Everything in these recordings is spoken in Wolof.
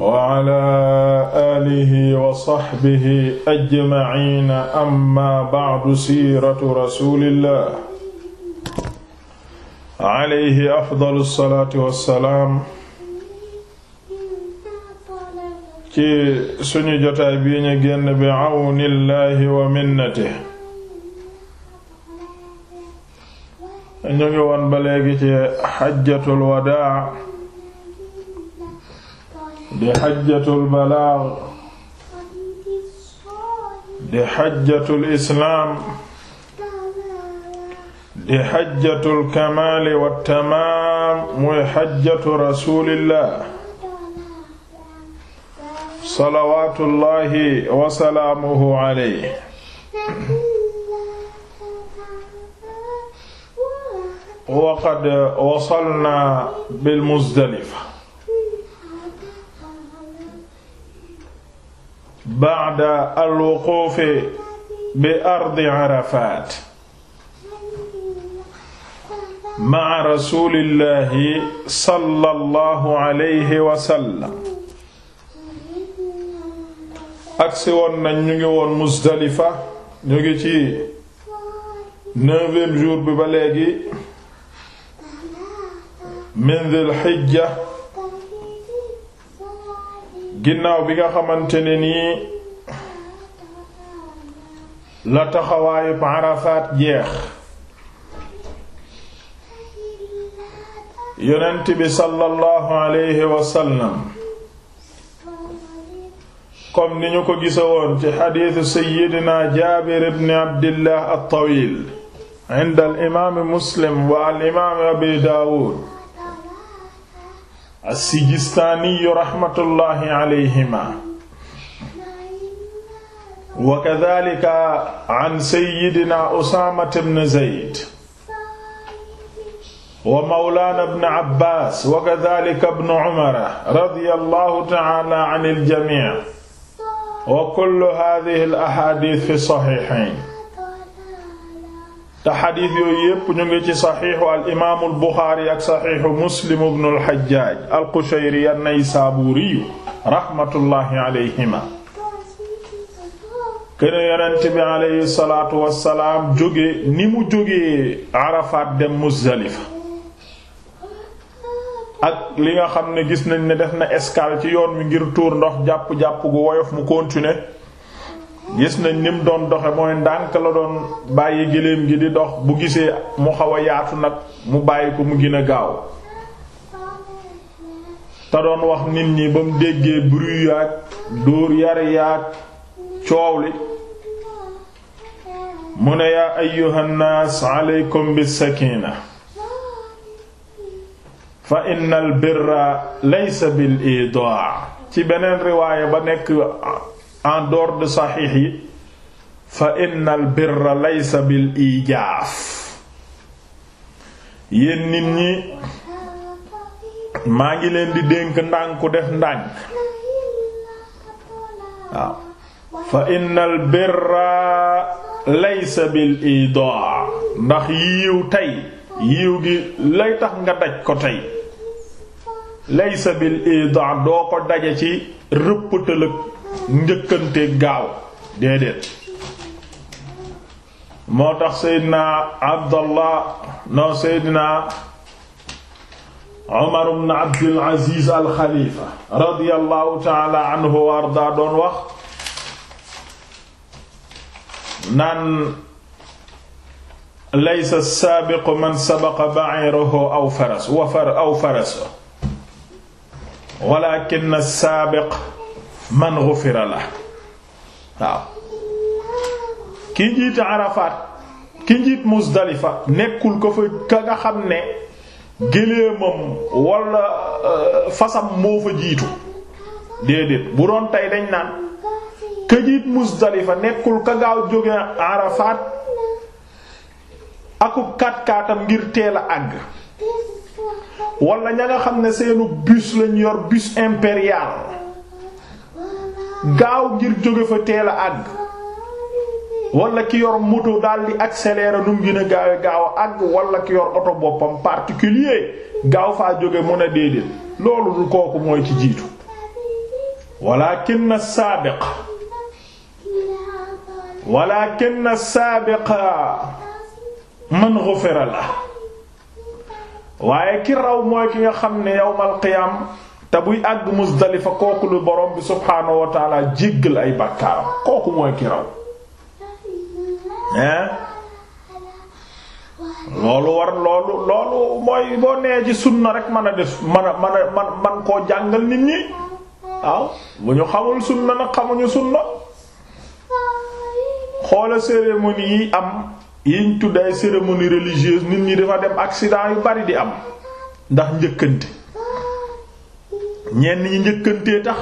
wa ala aalihi wa sahbihi ajmaciina amma bacdu siiratu rasuulillah alayhi afdalu salaatu wa salaam ci suñu jotaay bii ñu génn bi cawni llahi wa minnatihi ñu ngi woon ba léegi ci xajjatul wadaa di xajjatul balaag di xajjatul islaam di xajjatul kamaali wa tamaam muy xajjatu rasuulillah salawaatullahi wa salaamuhu alayhi waqad wasalnaa bilmuzdalifa ba'da al-wuquf bi ardi Arafat ma'a rasulillahi sallallahu alayhi wa sallam agsi woon nañ ñu ngi woon Muzdalifa ñu ngi ci neuvième jour bi ba léegi min Dhul Hijja ginnaaw bi nga xamante ne nii la taxawaayu Arafat jeex yonent bi sallallahu alayhi wa sallam ni ñu ko gisa woon ci xadiisu sayyidina Jaabir ibn Abdillah at-Tawil inda al imaam Muslim wa al imaam Abi Daawud as-Sijistaaniyu raxmatullaahi alayhima wa kadaalika an sayyidinaa Usaamata bnu Zayd wa mawlaana bnu Abbaas wa kadaalika bnu Umara radiyallaahu ta'aalaa anil jamii' wa kullu haadihil ahaadiis fi saxiixayn te xadiis yooyu yépp ñu ngi ci saxiixu al imaamu al buxaari ak saxiixu muslim ibnu al xajjaaj al qushayri an naysaabuuriyu raxmatullaahi alayhima kene yonent bi alayhi salaatu wassalaam jóge ni mu jógee arafaat dem muzdalifa ak li nga xam ne gis nañ ne def na escale ci yoon wi ngir tuur ndox jàpp jàpp gu woyof mu continuer gis nañ ni mu doon doxe mooy ndànk la doon bàyyi gëléem gi di dox bu gisee mu xaw a yaatu nag mu bàyyi ko mu gën gaaw te doon wax nit ñi ba mu déggee bruit yaag dóor yari yaag coow li mu ne yaa ayyuhan naas aleykum bis sakina fa innal birra laysa bil idaa ci beneen riwaaya ba nekk en dehors de saxiix yi fa inna al birra laysa bil ijaaf yéen nit ñi maa ngi leen di dénk ndànku def ndànk waaw fa inna al birra laysa bil idaa lay tax nga daj ko tey laysa bil idaa doo ko daje ci rëppëtëlëg njëkkante gaaw déedéet moo tax seydina abdallah non seydina omar ibn abdul aziz al xalifa radiallahu taala anhu wa arda doon wax naan laysa as-saabiqu man sabaqa ba'iruhu aw faras wa far aw farasuhu walakin as-saabiq man ghufira la waaw ki njiit Arafat ki njiit Muzdalifa nekkul ko fa ka nga xam ne géléemam wala euh, fasam moo fa jiitu déedéet bu doon tey dañ naan ka jiit Muzdalifa nekkul ka gaaw jóge Arafat akub kaat ngir teel a àgg wala ña nga xam ne seenu bus lañ yor bus impérial gaaw ngir jóge fa teel àgg wala ki yor mutu daal di accélérer nu mu gën a gaawe gaaw a àgg wala ki yor oto boppam particulier gaaw faa jóge mun a déedéet loolu du kooku mooy ci jiitu walakin as-sabiq walakin as-sabiqa man ghufira la waaye ki raw mooy ki nga xam ne yawmal qiyaam te buy àgg Muzdalifa kooku lu borom bi subhaanahu wa taala jéggal ay bàkkaaram kooku mooy ki raw hein loolu war loolu loolu mooy boo nee sunna rek mën a def mën a mën man koo jàngal nit ñi waaw bu ñu xamul sunna nag xamuñu sunna xoola cérémonie yi am yiñ tudday cérémonie religieuse nit ñi dafa dem accident yu bari di am ndax njëkkante ñenn ñi njëkkantee tax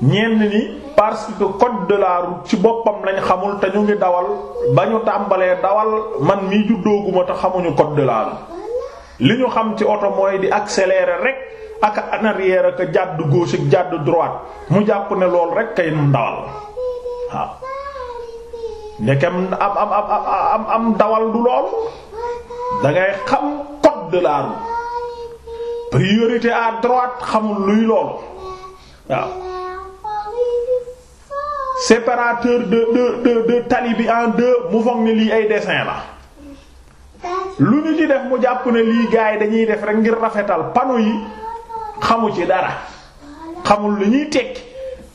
ñenn ñi parce que code ci boppam lañ xamul te ñu ngi dawal ba ñu tàmbalee dawal man mii juddooguma te xamuñu code de la li ñu xam ci oto mooy di accélérer rek ak en arrière ak jàdd gauche ak jàdd droite mu jàpp ne lool rek kay ndawal waaw ndekem am am am am dawal du lool dangay ngay xam code de priorité à droite xamul luy loolu waaw séparateur de de de tali bi en deux mu foog ne lii ay dessin la lu ñu ci def mu jàpp ne lii gars yi dañuy def rek ngir rafetal panneau yi xamu ci dara xamul li ñuy tekki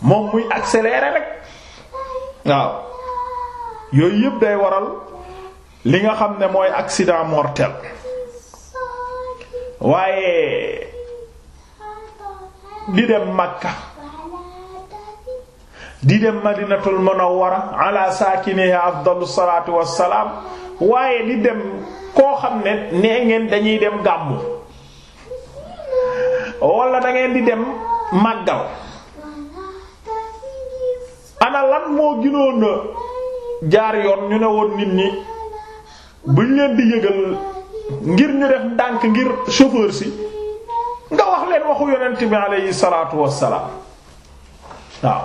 moom muy accélérer rek waaw yooyu yëpp day waral li nga xam ne mooy accident mortel. waaye di dem Makka di dem Madinatul Munawwara ala saakiniha afdalus salaatu wassalaam waaye di dem koo xam ne nee ngeen dañuy dem gàmmu wala dangeen di dem màggal ana lan moo ginoon jaar yoon ñu ne woon nit ñi buñ leen di yëgal ngir ñu def ndànk ngir chauffeur si nga wax leen waxu yonent bi aleyhi salaatu wassalaam waaw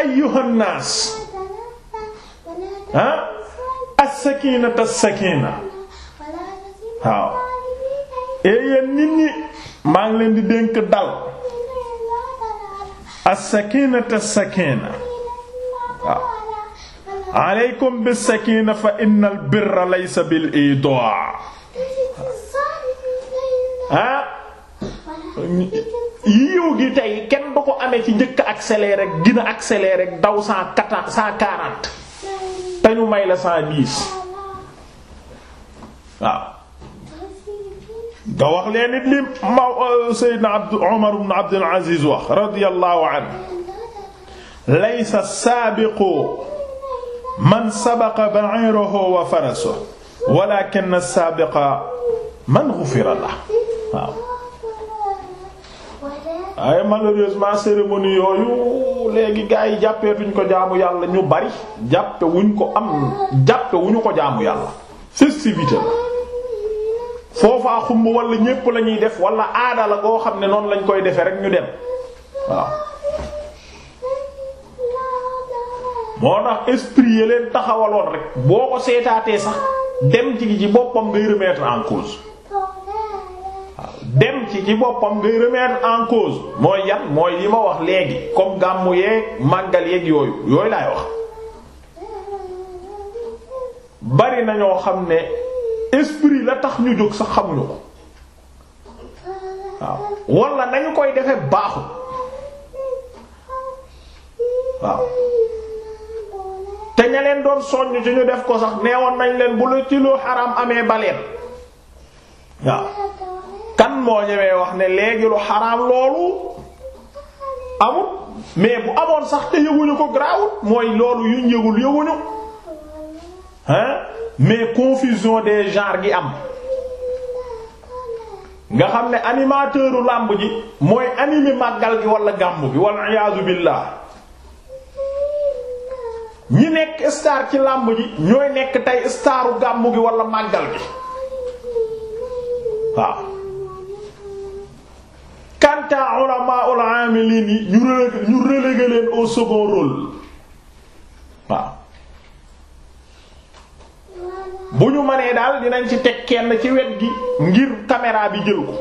ayyuhan naas ah as-sakinata as-sakina waaw eh, yéen nit ñi maa ngi leen di dénk dal as-sakinata as waaw aleykum bis-sakina fa innal birra laysa bil idaa ah yiw gi tey kenn du ko amee ci njëkk accéléré rek gina accéléré rek daw cent quatre cent quarante te ñu may la cent dix waaw nga wax leen nit li maw euh, Seydina Abd Umar ibn Abd al-Aziz wax radiyallahu anhu laysa saabiqu man sabaqa ba'iruhu wa farasuhu walakin as-sabiqa man ghufira lahu waaw waaye malheureusement cérémonie yooyu léegi gaa yi jàppeetuñ ko jaamu yàlla ñu bari jàppe wuñ ko am jàppe wuñu ko jaamu yàlla festivité la foofaa xumb wala ñépp lañuy def wala aada goo xam ne noonu lañ koy defee rek ñu dem waaw moo tax esprit ya leen taxawaloon rek boo ko seetaatee sax dem ci ci boppam ngay remettre en cause waaw dem ci ci boppam ngay remettre en cause mooy yan mooy li ma wax léegi comme gàmmu yeeg màggal yeeg yooyu yooyu laay wax bari na ñoo xam ne esprit la tax ñu jóg sax xamuñu ko waaw walla nañu koy defe baaxul waaw te ña leen doon soññ ci ñu def ko sax nee woon nañ leen bu la ci lu amee baleen waaw kan moo ñemee wax ne léegi lu xaraam loolu amut mais bu amoon sax te yëguñu ko grawul mooy loolu yuñ yëgul yëguñu hein mais confusion des genre gi am nga xam ne animateuru làmb ji mooy animé màggal gi wala gàmb bi wala iyaazu billah ñi nekk star ci làmb ji ñooy nekk tey staru gàmmu gi wala màggal gi waaw kanta ulama ul amilin yi ñu relégué ñu relégué leen au waaw bu ñu mënee daal dinañ ci te kenn ci wet gi ngir caméra bi jël ko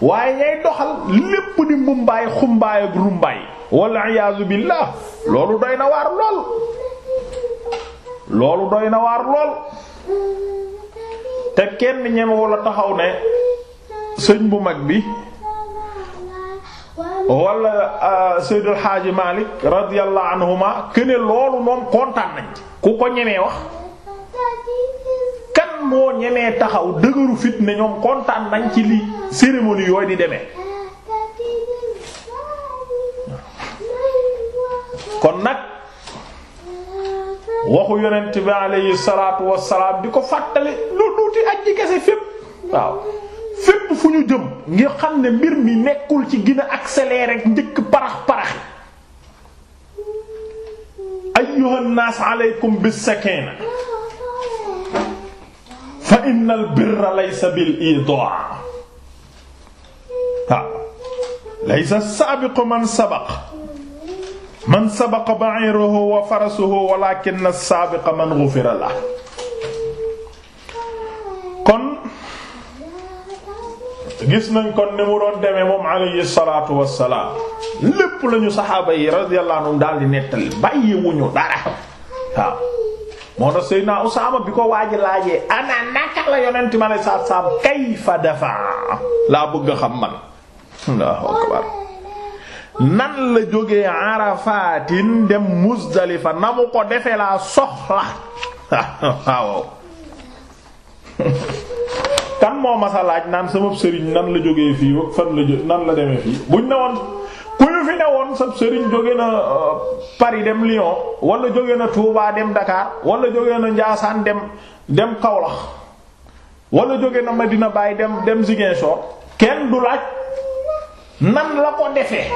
waaye ñay doxal lépp di mbumbaay xumbaay ak rumbaay walla iyaazu billaah loolu doy na waar lool loolu doy na waar lool te kenn ñeme wala taxaw ne sëñ bu mag bi wala euh, Seydou El Hadj Malick radiyallahu anhuma que loolu moom kontaan nañ ku ko ñemee wax. kan moo ñemee taxaw dëgëru fit ne ñoom kontaan nañ ci li cérémonie yooyu di demee. kon nag waxu yonent bi alayhi salaatu wassalaam di ko fàttali lu duuti ajji kese fépp waaw fépp fu ñu jëm ngir xam ne mbir mi nekkul ci gën a accéléré rek njëkk parax parax ayyuhan nas alaykum bis sakina fa innal birra laysa bil idaa laysa saabiqu man sabaqa man sabaqa ba'iruhu wa farasuhu walaakinna saabiqa man ghufira lahu kon gis nañ kon ni mu doon demee moom alayhi salaatu wassalaam lépp lañu saxaaba yi radiyallahu anhum daal di nettali bàyyiwuñu dara waaw moo tax Seydina Usaama bi ko waaji laajee ana naka la yonent ma ne saat saam kayfa dafa laa bëgg a xam man Allahu nan la jógee Arafatin dem Muzdalifa na mu ko defee laa soxla kan moo masa laaj naan sama sëriñ nan la jógee fii fan la nan la demee fii buñ ne woon ku ñu fi newoon sa sëriñ jóge na euh, Paris dem Lyon wala jóge na Touba dem Dakar wala jóge na Ndiassane dem dem Kaolack wala jóge na dina bàyyi dem dem Ziguinchor kenn du laaj nan la ko defee.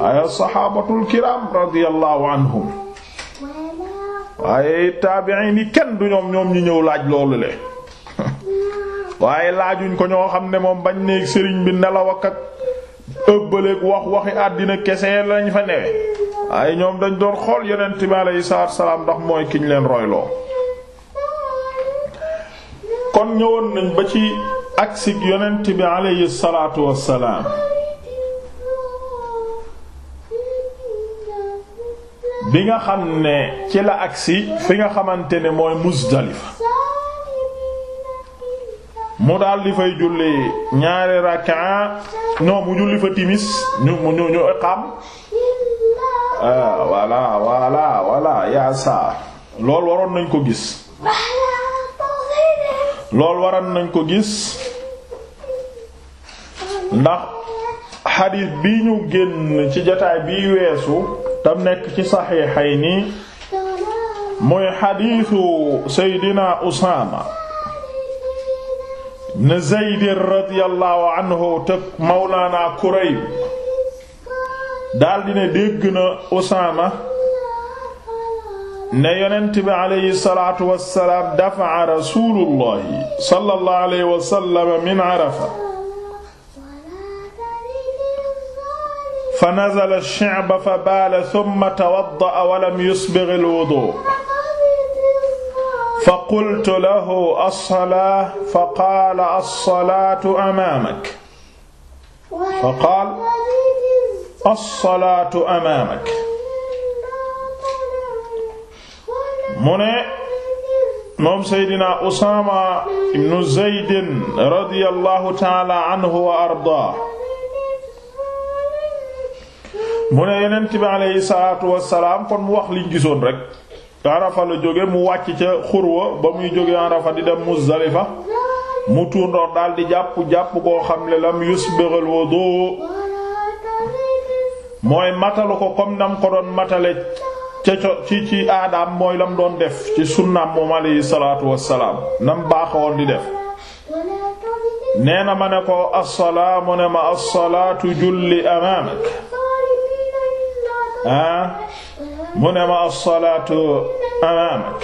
waaye saxaabatul kiram radiyallahu anhum waaye taabi'iin yi kenn du ñoom ñoom ñu ñëw laaj loolu le waaye laajuñ ko ñoo xam ne moom bañ neeg sëriñ bi nelaw ak ak ëbbaleeg wax waxi àddina kese lañ fa newe waaye ñoom dañ doon xool yonent bi alayhi salaatu salaam ndax mooy kiñ leen royloo kon ñëwoon nañ ba ci aksig yonent bi alayhi salaatu wassalaam bi nga xam ci la agsi fi nga xamante ne mooy Muzdalifa mu daal di fay julli ñaari rakka non mu julli fa timis ñu ñu ñu iqaam ah, voilà waroon nañ ko gis lool waroon nañ ko gis ndax xadiis bi ñu génn ci jataay bi weesu tam nekk ci saxiixayni muy xadiisu Seydina Usaama na zeydin radiyallahu anhu tëg mawlaana kurayb daldi ne dégg na usaama ne yonent bi aleyhi salaatu wassalaam dafa'a rasuulullahi sallallahu alayhi wa sallam min arafa fa nazala ash-shi'b fa baala thumma tawadda'a wa lam yusbigh al-wudu' fa qultu lahu as-salaa fa qaala as-salaatu amaamak fa qaala as-salaatu amaamak mu ne moom Seydina Usaama ibnu Zaydin radiyallahu ta'aala anhu wa ardaa mu ne Yonent bi alayhi salaatu wa salaam kon mu wax liñ gisoon rek arafa la jóge mu wàcc ca xurwa ba muy jóge arafa di dem muzdalifa mu tuur ndox jàpp jàpp koo xam ne lam yusbighul wudu mooy matalu ko comme nam ko doon matale ca ci ci aadaam mooy lam doon def ci sunnaam moom alayhi salaatu wassalaam nam baaxawoon di def nee na ma ne ko assalaa ne ma assalaatu julli amaamak mu ne ma as-salaatu amaamak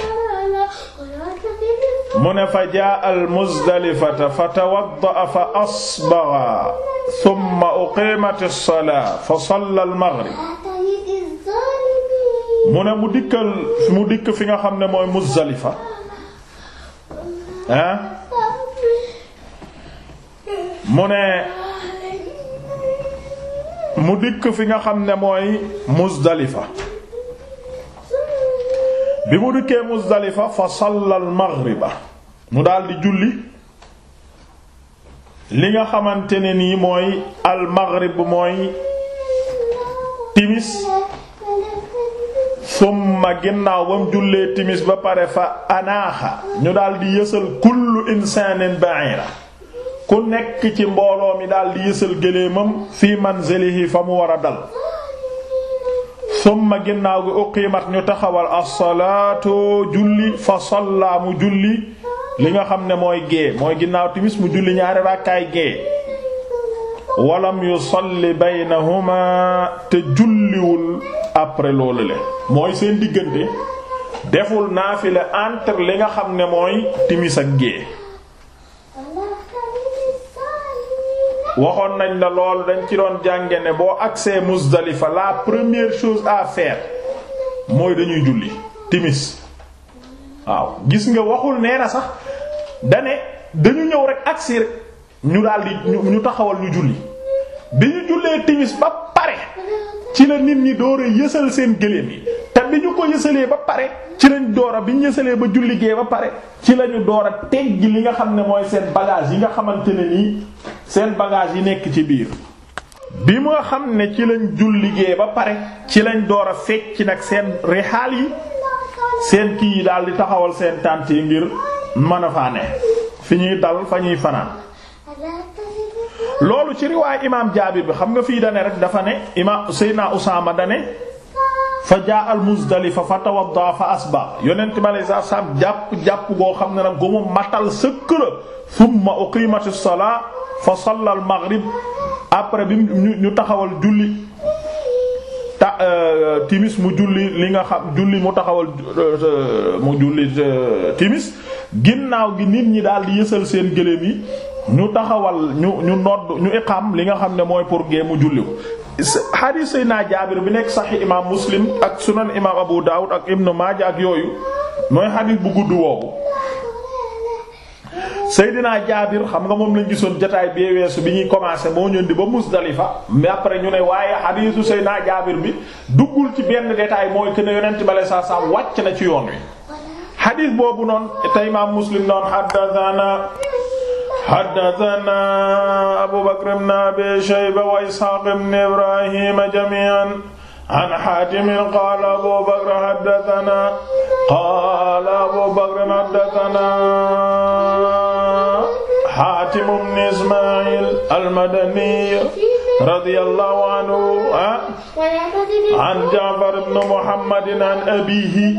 mu ne fa jaa al-Muzdalifata fa tawadda'a fa asbagha thumma uqimat as-salaatu fa salla al-maghrib mu ne mu dikkal mu dikk fi nga xam ne mooy Muzdalifa ah mu ne mu dikk fi nga xam ne mooy Muzdalifa bi mu dikkee Muzdalifa fa salla al mu daldi julli li nga xamante ne nii mooy al maghrib mooy timis summa ginnaaw ba mu jullee timis ba pare fa anaaxa ñu daldi yësal kullu insaanin ba'ira ku nekk ci mbooloo mi daldi yësal gëléemam fi manzilihi fa mu war a dal summa ginnaaw gi uqiimat ñu taxawal as-salaatu julli fa salla mu julli li nga xam ne mooy gée mooy ginnaaw timis mu julli ñaari rakkaay gée walam yusalli baynahuma te julliwul après loolu le mooy seen diggante deful naafile entre li nga xam ne mooy timis ak gée waxoon nañ la lool dañ ci doon jànge ne boo agsee Muzdalifa la première chose à faire mooy dañuy julli timis waaw gis nga waxul nee na sax dane dañu ñëw rek agsi rek ñu daal di ñu taxawal ñu julli bi ñu jullee timis ba pare ci la nit ñi door a yësal seen gëléem yi bi ñu ko yësalee ba pare ci lañ door bi ñu ba julligee ba pare ci lañu door a teggi li nga xam ne mooy seen bagage yi nga xamante ne nii seen bagage yi nekk ci biir bi mu nga xam ne ci lañ liggéey ba pare ci lañ door a fecc nag seen rihaal yi seen kii yi daal di taxawal seen tànt ngir mën a faa ne fi ñuy dal fa ñuy fanaan loolu ci riwaay imaam jaabir bi xam nga fii dane rek dafa ne imaam Seydina Usaama dane fa jaa al Muzdalifa fa tawadda fa asbaa yonent bi alayhi salaatu jàpp jàpp goo xam ne nag gu matal sëkk la thumma uqiimati salaa fa salla maghrib après bi ñu ñu taxawal julli ta euh, timis mu julli li nga xam julli mu taxawal euh, mu julli euh, timis ginnaaw gi nit ñi daal di yësal seen gëléem yi ñu taxawal ñu ñu nodd ñu iqaam li nga xam ne mooy pour gee mu julli ko xadiis Seydina Jaabir bi nekk saxi imaam Muslim ak sunan imaam Abu Daawud ak Ibnu Maaja ak yooyu mooy xadiis bu gudd woowu Seydina Jaabir xam nga moom lañ gisoon jotaay bee weesu bi ñuy commencé moo ñëw di ba Musdalifa mais après ñu ne waaye xadiisu Seydina Jaabir bi duggul ci benn détail mooy que ne yonent bale saa saa wàcc na ci yoon wi xadiis boobu noonu te imaam Muslim noonu xaddasanaa haddasanaa Abu Bakr ibn Abi Shayba wa Ishaaq ibn Ibraahiim jamii'an an Haatim qaala Abu Bakr haddasanaa qaala Abu Bakr haddasanaa Haatim ibn Ismaa'iil al-Madani radiyallahu anhu an Ja'far ibn Muhammadin an abiihi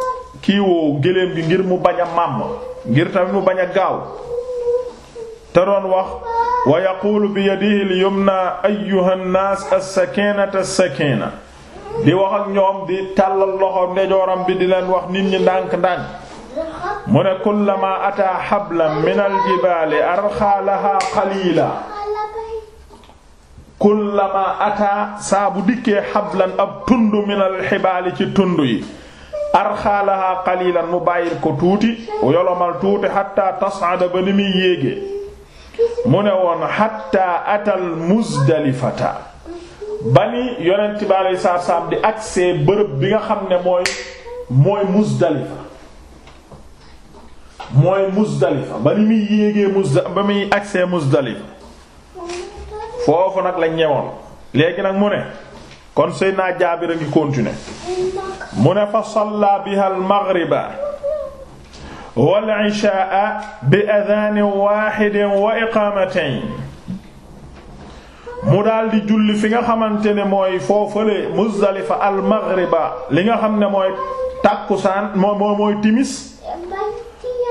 kiiwoo géléem gi ngir mu bañ a màmm ngir tamit mu bañ a gaaw te doon wax wa yaquulu bi yadihi al-yumna ayyuha sakiina di wax ñoom di tàllal loxo ndejooram bi di leen wax nit ñi ndànk-ndànk mu ne kullamaa ataa hablan min al-jibaali arxaa lahaa kullamaa ataa saa bu dikkee hablan ab tund min al ci tund yi arxaalaha qalilan mu bàyyil ko tuuti yolomal tuuti xatta tas'ada ba ni muy yéegee mu ne woon xatta atal muzdalifata ba ni yonent bi aleyhi di agsee bërëb bi nga xam ne mooy mooy muzdalifa mooy muzdalifa ba ni muy yéegee muzda ba muy agsee muzdalifa foofu nag lañ ñewoon léegi nag mu ne kon Seydina Jaabir a ngi continuer mu ne fa salla biha al-maghriba ishaa bi adaanin waahidin wa iqaamatayn mu daldi julli fi nga xamante ne mooy foofale Muzdalifa al-maghriba li nga xam ne mooy tàkkusaan moo moo mooy timis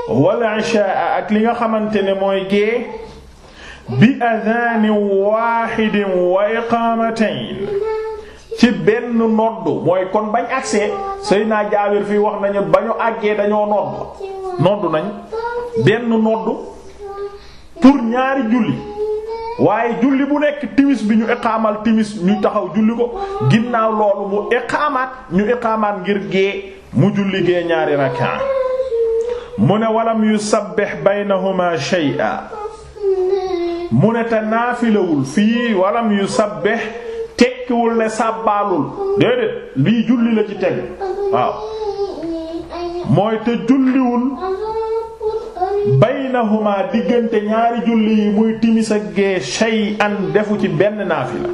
wal ishaa ak li nga xamante ne mooy gée bi adaanin waahidin wa iqaamatayn ci benn nodd mooy kon bañ agsee Seydina Jaabir fii wax nañu ba ñu àggee dañoo nodd nodd nañ benn nodd pour ñaari julli waaye julli bu nekk timis bi ñu iqaamal timis ñu taxaw julli ko ginnaaw loolu mu iqaamaat ñu iqaamaat ngir gée mu julli gee ñaari rakka mu ne walam yusabbih baynahuma shay'a mu ne te naafilawul fii walam yusabbih tekkiwul ne sàbbaalul déedéet lii julli la ci teg waaw mooy te julliwul baynahuma diggante ñaari julli yi muy timis ak an defu ci benn naafila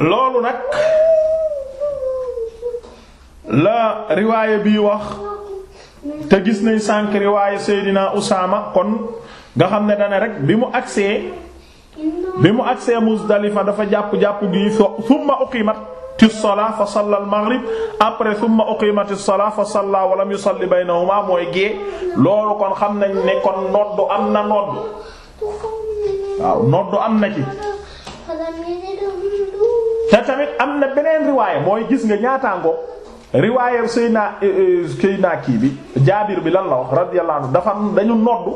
loolu nag la riwaaya bii wax te gis nañ sànq riwaaya Seydina Usaama kon nga xam ne dana rek bi mu agsee bi mu agsee Muzdalifa dafa jàpp jàpp gi summa uqimat as-salaa fa salla al-maghrib après summa uqimat as-salaa fa salla wa lam yusalli baynahuma mooy gée loolu kon xam nañ ne kon noddu am na noddu waaw noddu am na ci. te tamit am na beneen riwaaya mooy gis nga ñaataango. riwaayé Seyna eh, eh, Seyna kii bi Jaabir bi lan la wax radiyallahu anhu dafa dañu noddu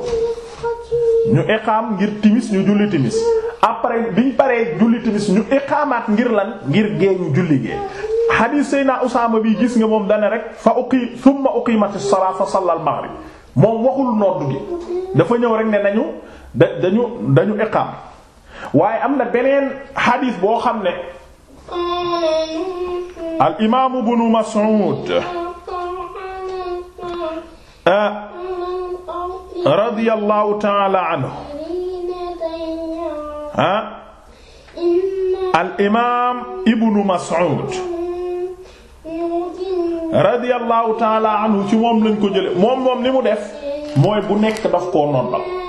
ñu iqaam ngir timis ñu julli timis après biñ paree julli timis ñu iqaamaat ngir lan ngir gée julli gée hadith Seyna Usaama bi gis nga moom dane rek fa uqi thumma uqimatis salaa fa salla al maghrib moom waxul noddu gi dafa ñëw rek ne nañu dañu dañu iqaam waaye am na beneen hadith boo xam ne al imaamu bnu Mas'ud eh, radiyallahu ta'ala anhu eh, al imaam ibnu Mas'ud radiyallahu ta'ala anhu ci moom lañ ko jële moom moom ni mu def mooy bu nekk daf koo nondal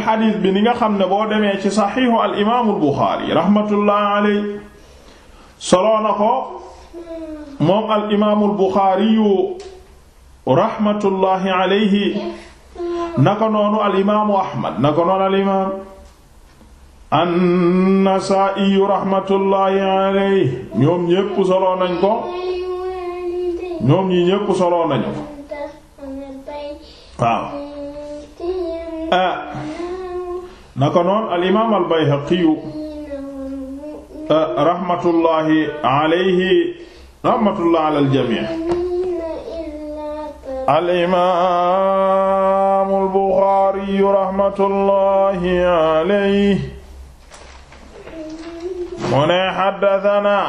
comme xadiis bi ni nga xam ne boo demee ci saxiixu al imaamu al buxaari raxmatullaahi alayhi soloo na ko moom al imaamu al buxaari raxmatullaahi alayhi naka noonu al imaamu ahmad naka noonu al imaam an-nasaa'i raxmatullaahi alayhi ñoom ñépp soloo nañ ko ñoom ñi ñépp soloo nañu ko waaw ah naka noon al imaam al bayhaqiyu eh, rahmatullahi alayhi rahmatullahi ala al jamii al imaam al buxaari rahmatullahi alayhi mu ne haddasanaa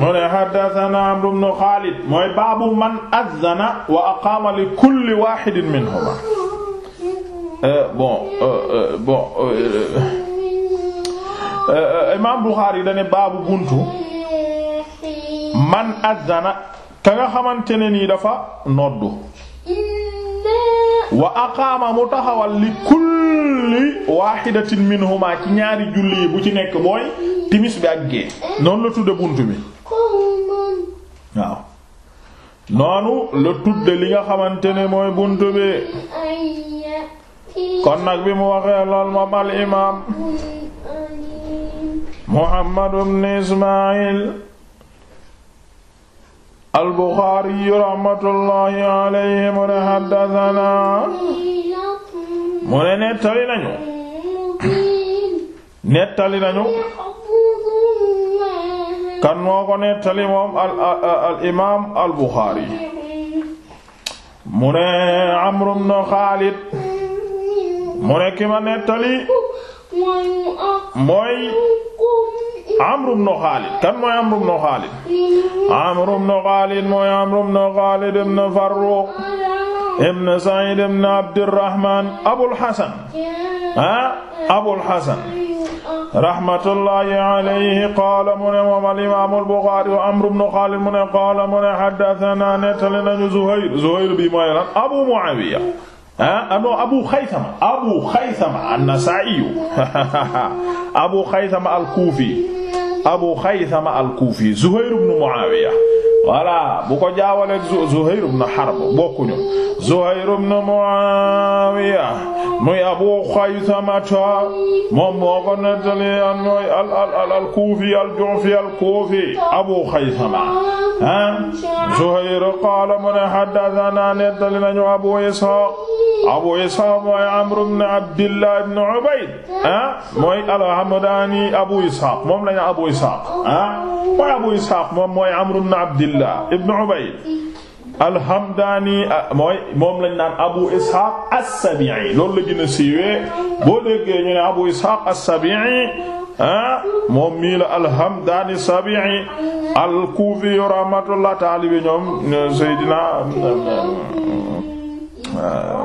mu ne haddasanaa Amru bnu Xaalid mooy baabu man azzana wa aqaama li kulli waahidin minhumaa Euh, bon euh, euh, bon imaam Buxaari dane baabu buntu man azzana ka nga xamante ne nii dafa noddu wa aqaama mu taxawal li kulli waaxidatin minhuma ci ñaari julli yi bu ci nekk mooy timis bi ak gée noonu la tudde bunt bi waaw noonu la tudde li nga xamante ne mooy bunt bi kon nag bi mu waxee lool moom al imaam Muhammad ibn Ismaayil al Buxaari mu ne nettali nañu nettali nañu kan moo ko nettali moom al al al Buxaari mu ne Amru ibn Xaalid mu ne ki ma nettali mooy Amr ibn Khalid kan mooy Amr ibn Khalid Amr ibn Khalid mooy Amr ibn Khalid ibn Farruq ibn Sa'id ibn Abdurrahman Abul Hasan ah Abul Hasan rahmatullahi alayhi qaala mu ne moom al-Imaam al-Buxaari wa Amr ibn Khalid mu ne qaala mu ne haddathanaa nettali nañu Zuhayr Zuhayr bi mooy lan Abu Muawiya Ah, ah non Abu Xaysama Abu Xaysama an-Nasaa'i Abu Xaysama al-Kuufi Abu Xaysama al-Kuufi Zuhayr ibn Mu'aawiya voilà bu ko jaawalee Zuhayr ibn Harb bokkuñu Zuhayr ibn Mu'aawiya muy Abu Xaysamata moom moo ko nettali an ñooy al al al al kuufi al jufi al kuufi Abu Xaysama ah Zuhayr qaala mu ne haddathana nettali nañu Abu Ishaq Abu Ishaq mooy Amr ibn Abdillah ibn Ubayd ah mooy al-Hamdani Abu Ishaq moom lañu Abu Ishaq ah mooy Abu Ishaq moom mooy Amr ibn Abdillah ibn Ubayd alhamdaani ah, mooy moom lañ abu ishaq as-sabi'i loolu la gën a siiwee abu ishaq as-sabi'i ah moom mii al-kufi rahmatullah taalibi ñoom seydina ah,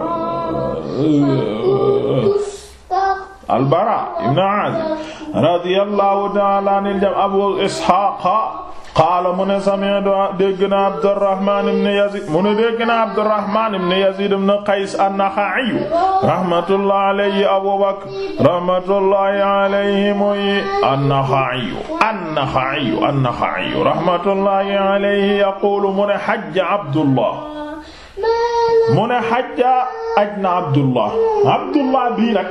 al-bara ibn azib radiyallahu ta'ala abu ishaq qaala mu ne sami'tu dégg na Abdurrahman ibn Yazid mu ne dégg na Abdurrahman ibn Yazid ibn Qays an-Nakha'i rahmatullahi alayhi Abu Bakr rahmatullahi alayhi muy an-Nakha'i an-Nakha'i an-Nakha'i rahmatullahi alayhi yaqulu mu ne hajja Abdullah mu ne hajja ajna Abdullah Abdullah bii nag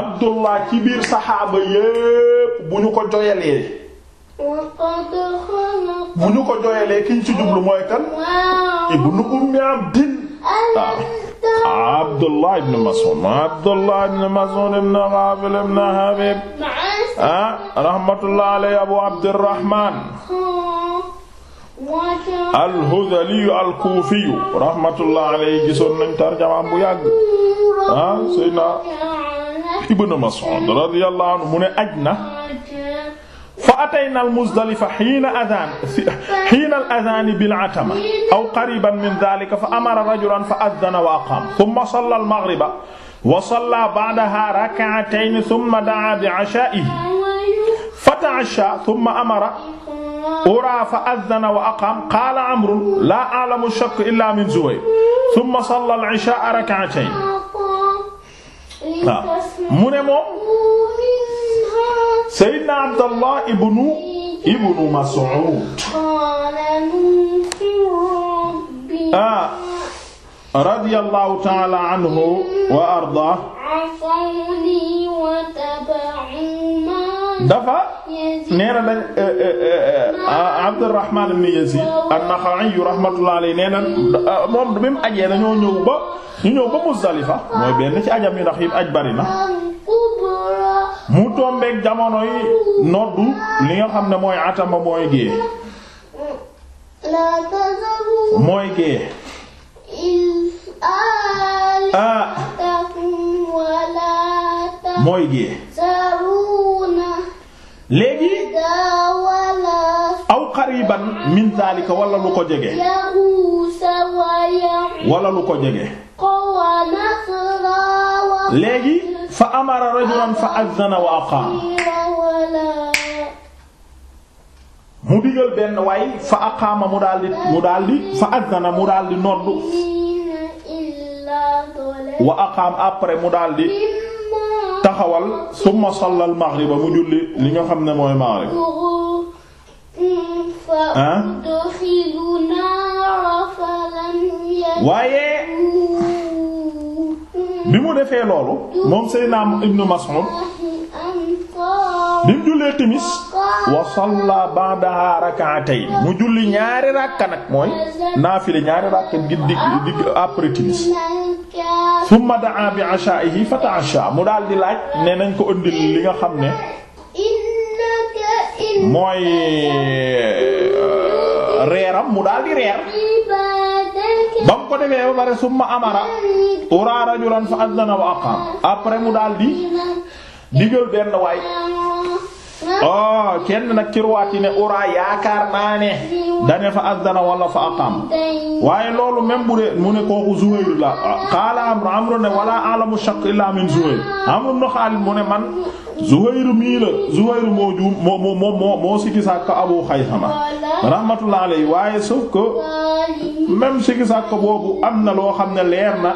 Abdullah ci biir saxaaba yépp bu ñu ko joyalee bu ko jooyalee ki ñu ci jublu mooy kan ibnu ummi abdin abdullah ibn mas'ud abdullah ibn mas'ud ibn ghafil ibn habib ah, abu abdurrahman al-Hudhali al-Kufi rahmatullah alayhi gisoon nañ tarjamaam bu ah, Ibn Mas'ud radiyallahu anhu mu ne aj na fa atayna al-Muzdalifa hiina adhaan hiina al-adhaan bil-atama aw qariban min dhaalika fa amara rajulan fa adhana wa aqaama thumma salla al-maghriba wa salla ba'dahaa rak'atayni thumma da'aa bi-'ashaa'ihi fata'ashaa thumma amara uraa fa adhana wa aqaama qaala 'Amrun laa a'lamu ash-shakka illaa min Zuhayr thumma salla al-'ishaa'a rak'atayni waaw mu ne moom Seydina Abdallah ibnu ibnu Mas'ud ah radiyallahu ta'ala anhu wa arda dafa nee na dañ eh, eh, eh, ah, Abdurrahman ibn Yazid an-Nakha'i rahmatullahi alayhi nee na ah, moom bi mu ajee dañoo ñëw ba ñu ñëw ba Muzdalifa mooy benn ci ajam yi ndax yi mu aj bari na mu tombeek jamono yi noddu li nga xam ne mooy atama mooy gée mooy gée ah mooy gée léegi aw qariban min zalika wala lu ko jege wala lu ko jege léegi fa amara rajulan fa azzana wa aqaama mu benn waay fa aqaama mu daldi mu daldi fa azzana mu daldi nodd wa aqaam après mu daldi taxawal summa salla al mu julli li nga xam ne mooy maghrib waaye bi mu defee loolu moom Seydina Ibnu Mas'ud bi mu jullee timis wa salla ba'daha mu julli ñaari ràkka nag mooy naafile ñaari ràkka ngir digg digg après timis summa da'a bi 'asha'ihi fa ta'asha mu daal di laaj ne nañ ko ëndil li nga xam ne mooy euh, reeram mu daal di reer ba mu ko defee ba pare summa amara ura rajulan fa adana wa aqam après mu daal di digal benn waay oh kenn nag ci ne ura yaakaar naa ne dane fa adana wala fa aqam waaye loolu même bu dee mu ne kooku Zuhayr la qaala amru ne wala alamu shaq illa min Zuhayr amru ibn Khalid mu ne man Zuhayr mii la moo juum moo moo moo moo sikki sàkk Abu Xaysama rahmatullahi waaye sauf que même sikki sàkk boobu am na loo xam ne leer na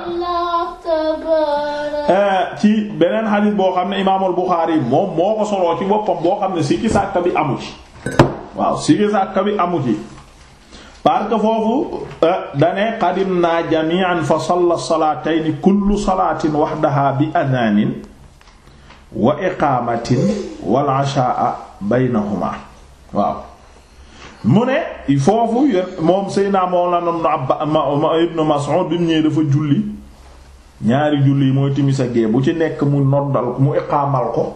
euh, ci beneen xadis boo xam ne imaamul Buxaari moom moo ko soloo ci boppam boo xam ne sikki sàkk bi amu ci bi amu ci parce que foofu euh, dane qadim naa fa salla salaatayni kullu salaatin wahdaha bi adaanin wa iqaamatin wal ashaa baynahuma mu ne foofu yéen moom Seydina Mawlana Ibn Mas'ud bi mu ñëwee dafa julli ñaari julli mooy timis ak gee bu ci nekk mu noddal mu iqaamal ko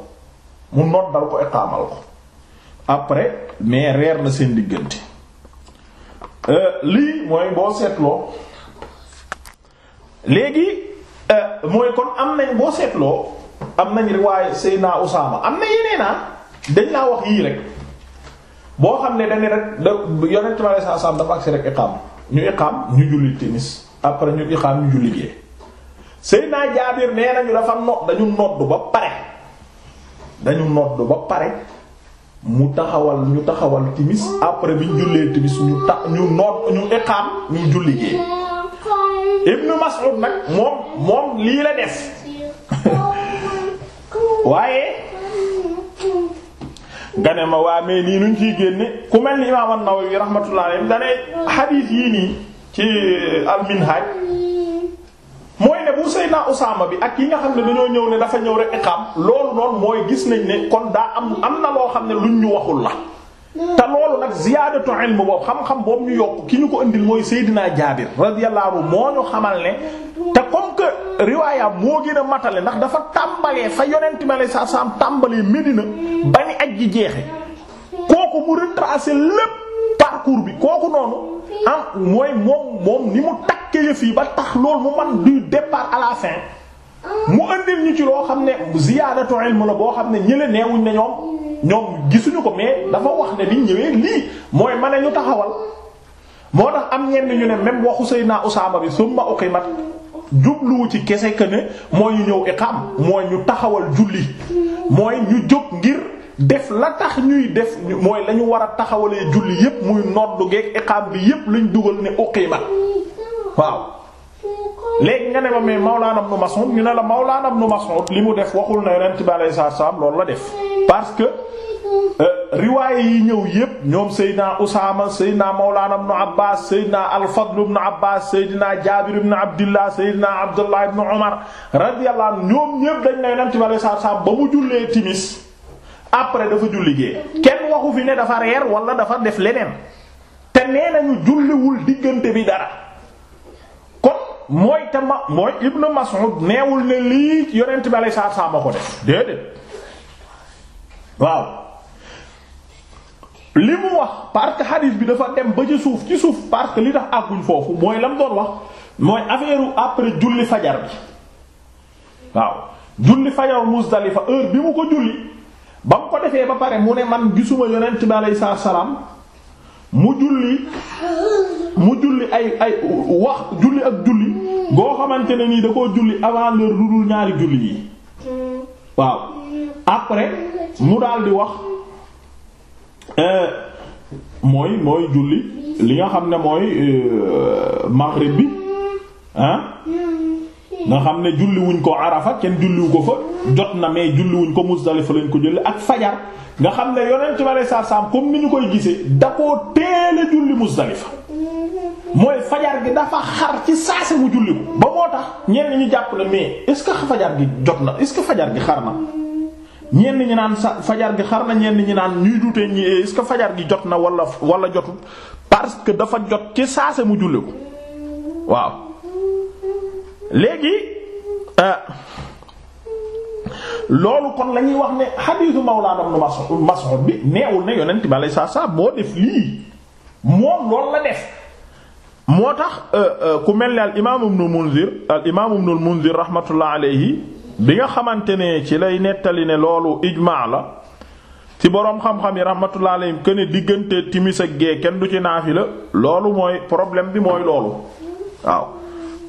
mu noddal ko iqaamal ko après mais reer na seen diggante euh, lii mooy boo seetloo léegi euh, mooy kon am nañ boo seetloo am nañ riwaaye Seydina Usaama am na yeneen ah, dañ laa wax yii rek. boo xam ne dañu rek da yonent bi saa saam dafa agsi rek iqaam ñu iqaam ñu julli timis après ñu iqaam ñu julli gee Seydina Jaabir nee nañu dafa no dañu nodd ba pare dañu nodd ba pare mu taxawal ñu taxawal timis après bi ñu jullee timis ñu ta ñu nodd ñu iqaam ñu julli gee Ibnu Mas'ud nag moom moom lii la def waaye nga ma waa mais nii nuñ ciy génne ku mel ni imaam an-Nawawi rahmatullah alayhi dane xadiis yii nii ci euh, al-Minhaj mooy ne bu Seydina Usaama bi ak yi nga xam ne dañoo ñëw ne dafa ñëw rek iqaam lool noonu mooy gis nañ ne kon daa am am na loo xam ne luñ ñu waxul la te loolu nag ziyaadatu ilm boobu xam-xam boobu ñu yokk ki ñu ko indil mooy Seydina Jaabir radiyallahu anhu moo ñu xamal ne te comme que riwaaya moo gën a matale ndax dafa tàmbalee fa yonent ma lay sa saam tàmbalee Medina ba ni aj ji jeexe kooku mu retracé lépp parcours bi kooku noonu am mooy moom moom ni mu takkee yëf yi ba tax loolu mu man du départ à la fin mu andil ñu ci loo xam ne ziyaadatu ilm la boo xam ne ñële neewuñ ne ñoom ñoom gisuñu ko mais dafa wax ne liñ ñëwee lii mooy ma ne ñu taxawal moo tax am ñenn ñu ne même waxu naa Usaama bi summa uqimat jubluwu ci kese que ne mooy ñu ñëw iqam mooy ñu taxawal julli mooy ñu jóg ngir def la tax ñuy def mooy lañu ñu war a taxawalee julli yépp muy noddu geek iqam bi yépp lañ dugal ne uqimat waaw léegi nga ne li mu def la def parce que euh, riwaay yi ñëw yépp ñoom Seydina Usaama Seydina Mawlaana Ibn Abbaas ba mu jullee timis après dafa julli gée kenn waxu fi ne dafa reer wala dafa def leneen te nee nañu julliwul diggante bi dara. mooy te ma mooy Ibnu Mas'ud neewul ne lii yonent bi aleyhi salaatu salaam ma ko def déedéet waaw li mu wax parce que hadith bi dafa dem ba ci suuf ci suuf parce que li tax àgguñ foofu mooy la mu doon wax mooy affaire après julli fajar bi waaw julli fajar Muzdalifa heure bi mu ko julli ba mu ko defee ba pare mu ne man gisuma yonent bi aleyhi salaatu salaam mu julli mu julli ay ay wax julli ak julli boo xamante ne nii da koo julli avant l'heure lu dul ñaari julli yi waaw après mu daal di wax euh, mooy mooy julli li nga xam ne mooy euh, maghrib bi ah nga xam ne julliwuñ ko arafa kenn julliwu ko fa jot na mais julliwuñ ko Muzdalifa lañ ko julli ak fajar nga xam ne yonent bi saa saam comme ni ñu koy gisee da koo teel a julli Muzdalifa mooy fajar gi dafa xar ci saase mu julli ko ba moo tax ñenn ñi mais est ce que fajar gi jot na est ce que fajar gi xar na. ñenn ñi naan sa fajar gi xar na ñenn ñi naan ñuy dute ñi eh, est ce que fajar gi jot na wala wala jotul parce que dafa jot ci saase mu julli ko waaw. léegi euh, loolu kon la wax ne xadiisu Mawlaana Ibn Mas'ud bi neewul ne yonent bi alayhi salaam boo def lii moom loolu la def moo tax euh, euh, ku mel ne al imaam Ibn Munzir al imaam Ibn Munzir rahmatullah alayhi bi nga xamante ne ci lay nettali ne loolu ijmaa la ci boroom xam-xam yi rahmatullah alayhim que ne diggante timis ak gée kenn du ci naafi la loolu mooy problème bi mooy loolu waaw.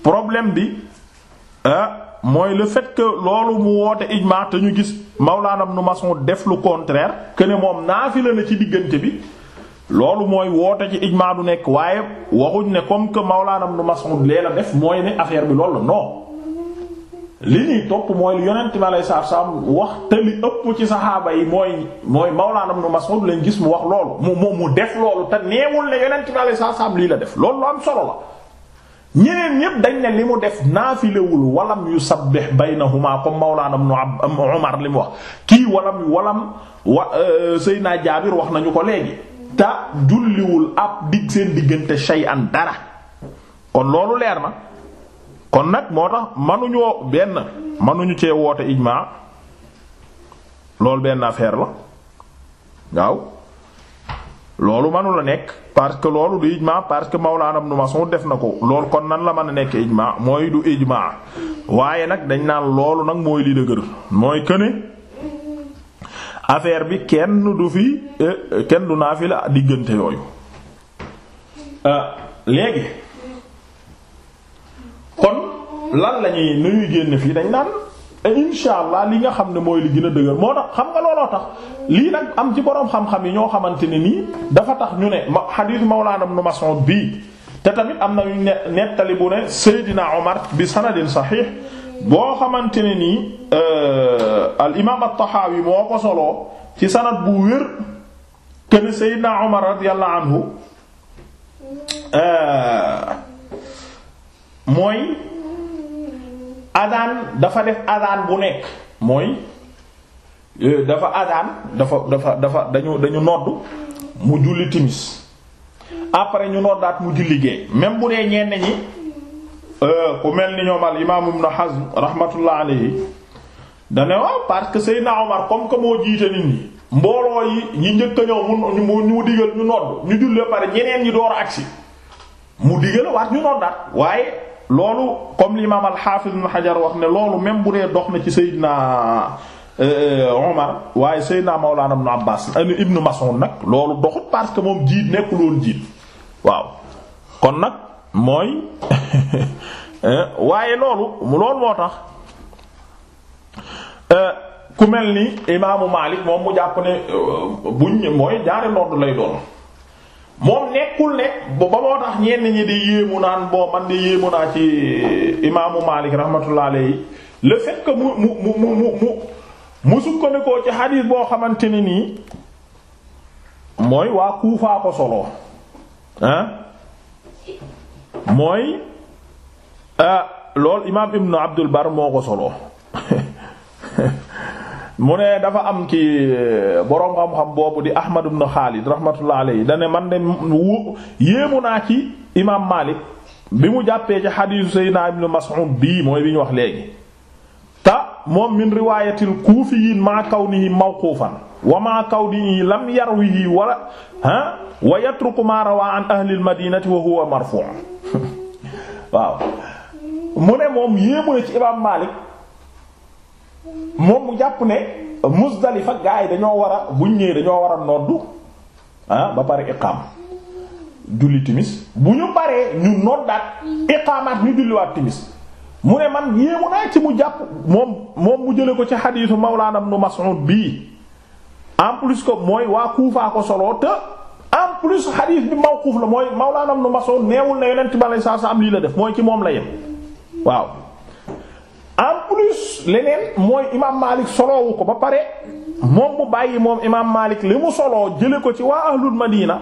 problème bi euh, mooy le fait loolu mu woote ijmaa te ñu gis Mawlaana Ibn Mas'ud def lu contraire que ne moom naafila la ci diggante bi loolu mooy woote ci ijmaa du nekk waaye waxuñ ne comme que Mawlaana Ibn Mas'ud leen la def mooy ne affaire bi loolu la non li ñuy topp mooy lu yonent bi alayhi salaatu wax te li ëpp ci saxaaba yi mooy mooy Mawlaana Ibn Mas'ud lañ gis mu wax loolu mu mu mu def loolu te neewul ne yonent bi alayhi salaatu lii la def loolu solo ñeneen ñépp dañ ne li mu def naafilewul walam yu sabbih baynahuma comme mawlaana am Umar li mu wax kii walam walam wa euh, sëy naa Jaabir wax nañu ko léegi te julliwul ab dig seen diggante shay'an dara kon loolu leer na kon nag moo tax manuñoo benn manuñu cee woote ijmaa loolu benn affaire la waaw loolu mënu la nekk parce que loolu du ijmaa parce que nu ma Mas'ud def na ko loolu kon nan la mën a nekk ijmaa mooy du ijmaa waaye nag dañ naan loolu nag mooy li dëgër mooy këne affaire bi kenn du fi eh, eh, kenn du naa fi la diggante yooyu euh, léegi kon lan lañuy nu ñuy génn fii dañ naan insha li nga xam ne mooy li gën dëgër moo tax xam nga looloo tax lii nag am ci boroom xam-xam yi ñoo xamante ne nii dafa tax ñu ne ma xadiis Mawlaana Ibn Mas'ud bii te tamit am na ñu nettali bu ne Seydina Omar bi sanadin saxiix boo xamante ne nii euh, al imaam at-Taxaawi moo ko soloo ci sanad bu wér ken Seydina Omar radiyallahu anhu euh, mooy. adaan dafa def adaan bu nekk mooy euh, dafa adaan dafa dafa dafa dañu dañu nodd mu julli timis après ñu noddaat mu julli gee même bu dee ñenn ñi euh, ku mel ni ñoom al imaam ibn Hazm rahmatullah alayhi dane waaw oh, parce que Seydina Omar comme que moo jiite nit ñi mbooloo yi ñi njëkk a ñëw mu ñu digal ñu nodd ñu jullee pare ñeneen ñi door a agsi mu digal waat ñu noddaat waaye loolu comme l'imam al-Hafiz Ibn Hajar wax ne loolu même bu dee dox na ci Seydina euh, Omar waaye Seydina Mawlana Ibn Abbas euh, Ibn Mas'ud nag loolu doxut parce que moom jiit nekkul loolu jiit waaw kon nag mooy euh, waaye loolu loolu moo tax ku mel ni imaamu Malik moom mu jàpp ne buñ mooy jaare noddu lay doon moom nekkul ne ba moo tax ñenn ñi di yéemu naan boo man di yéemu naa ci imaamu Maalik rahmatullah alayhi le fait mu mu mu mu mu mu sukkandikoo ci xadiis boo xamante ne nii mooy waa Kuufa ko solo ah mooy euh, loolu imaam Ibnu Abdul Bar moo ko solo mu ne dafa am ki eh, boroom xam-xam boobu di Ahmad ibn Khalid rahmatullah alayhi da ne man de wu yéemu naa ci imaam Malik bi mu jàppee ci xadiisu Seydina Ibn Mas'ud bii mooy bi ñu wax léegi ta moom min riwaayatil kuufiyiin maa kawnihi mawquufan wa maa kawnihi lam yarwihi wala ah wa yatruku maa rawaa an ahlil madinati wa huwa marfuu' waaw mu ne moom yéemu na ci imaam Malik moom mu jàpp ne Muzdalifa gaa yi dañoo war a buñ ñëwee dañoo war a noddu ah ba pare iqaam julli timis bu ñu paree ñu noddaat iqaamaat ñu julliwaat timis mu ne man yéemu naa ci mu jàpp moom moom mu jële ko ci xadiisu Mawlaana Ibnu Mas'ud bii en plus que mooy waa Kuufa ko solo te en plus xadiis bi mawquuf la mooy Mawlaana Ibnu Mas'ud neewul na Yonent bi sallallahu alayhi am lii la def mooy ci moom la yem waaw leneen mooy imaam Malik soloowu ko ba pare moom mu bàyyi moom imaam Malik li mu soloo jële ko ci waa ahlul Madina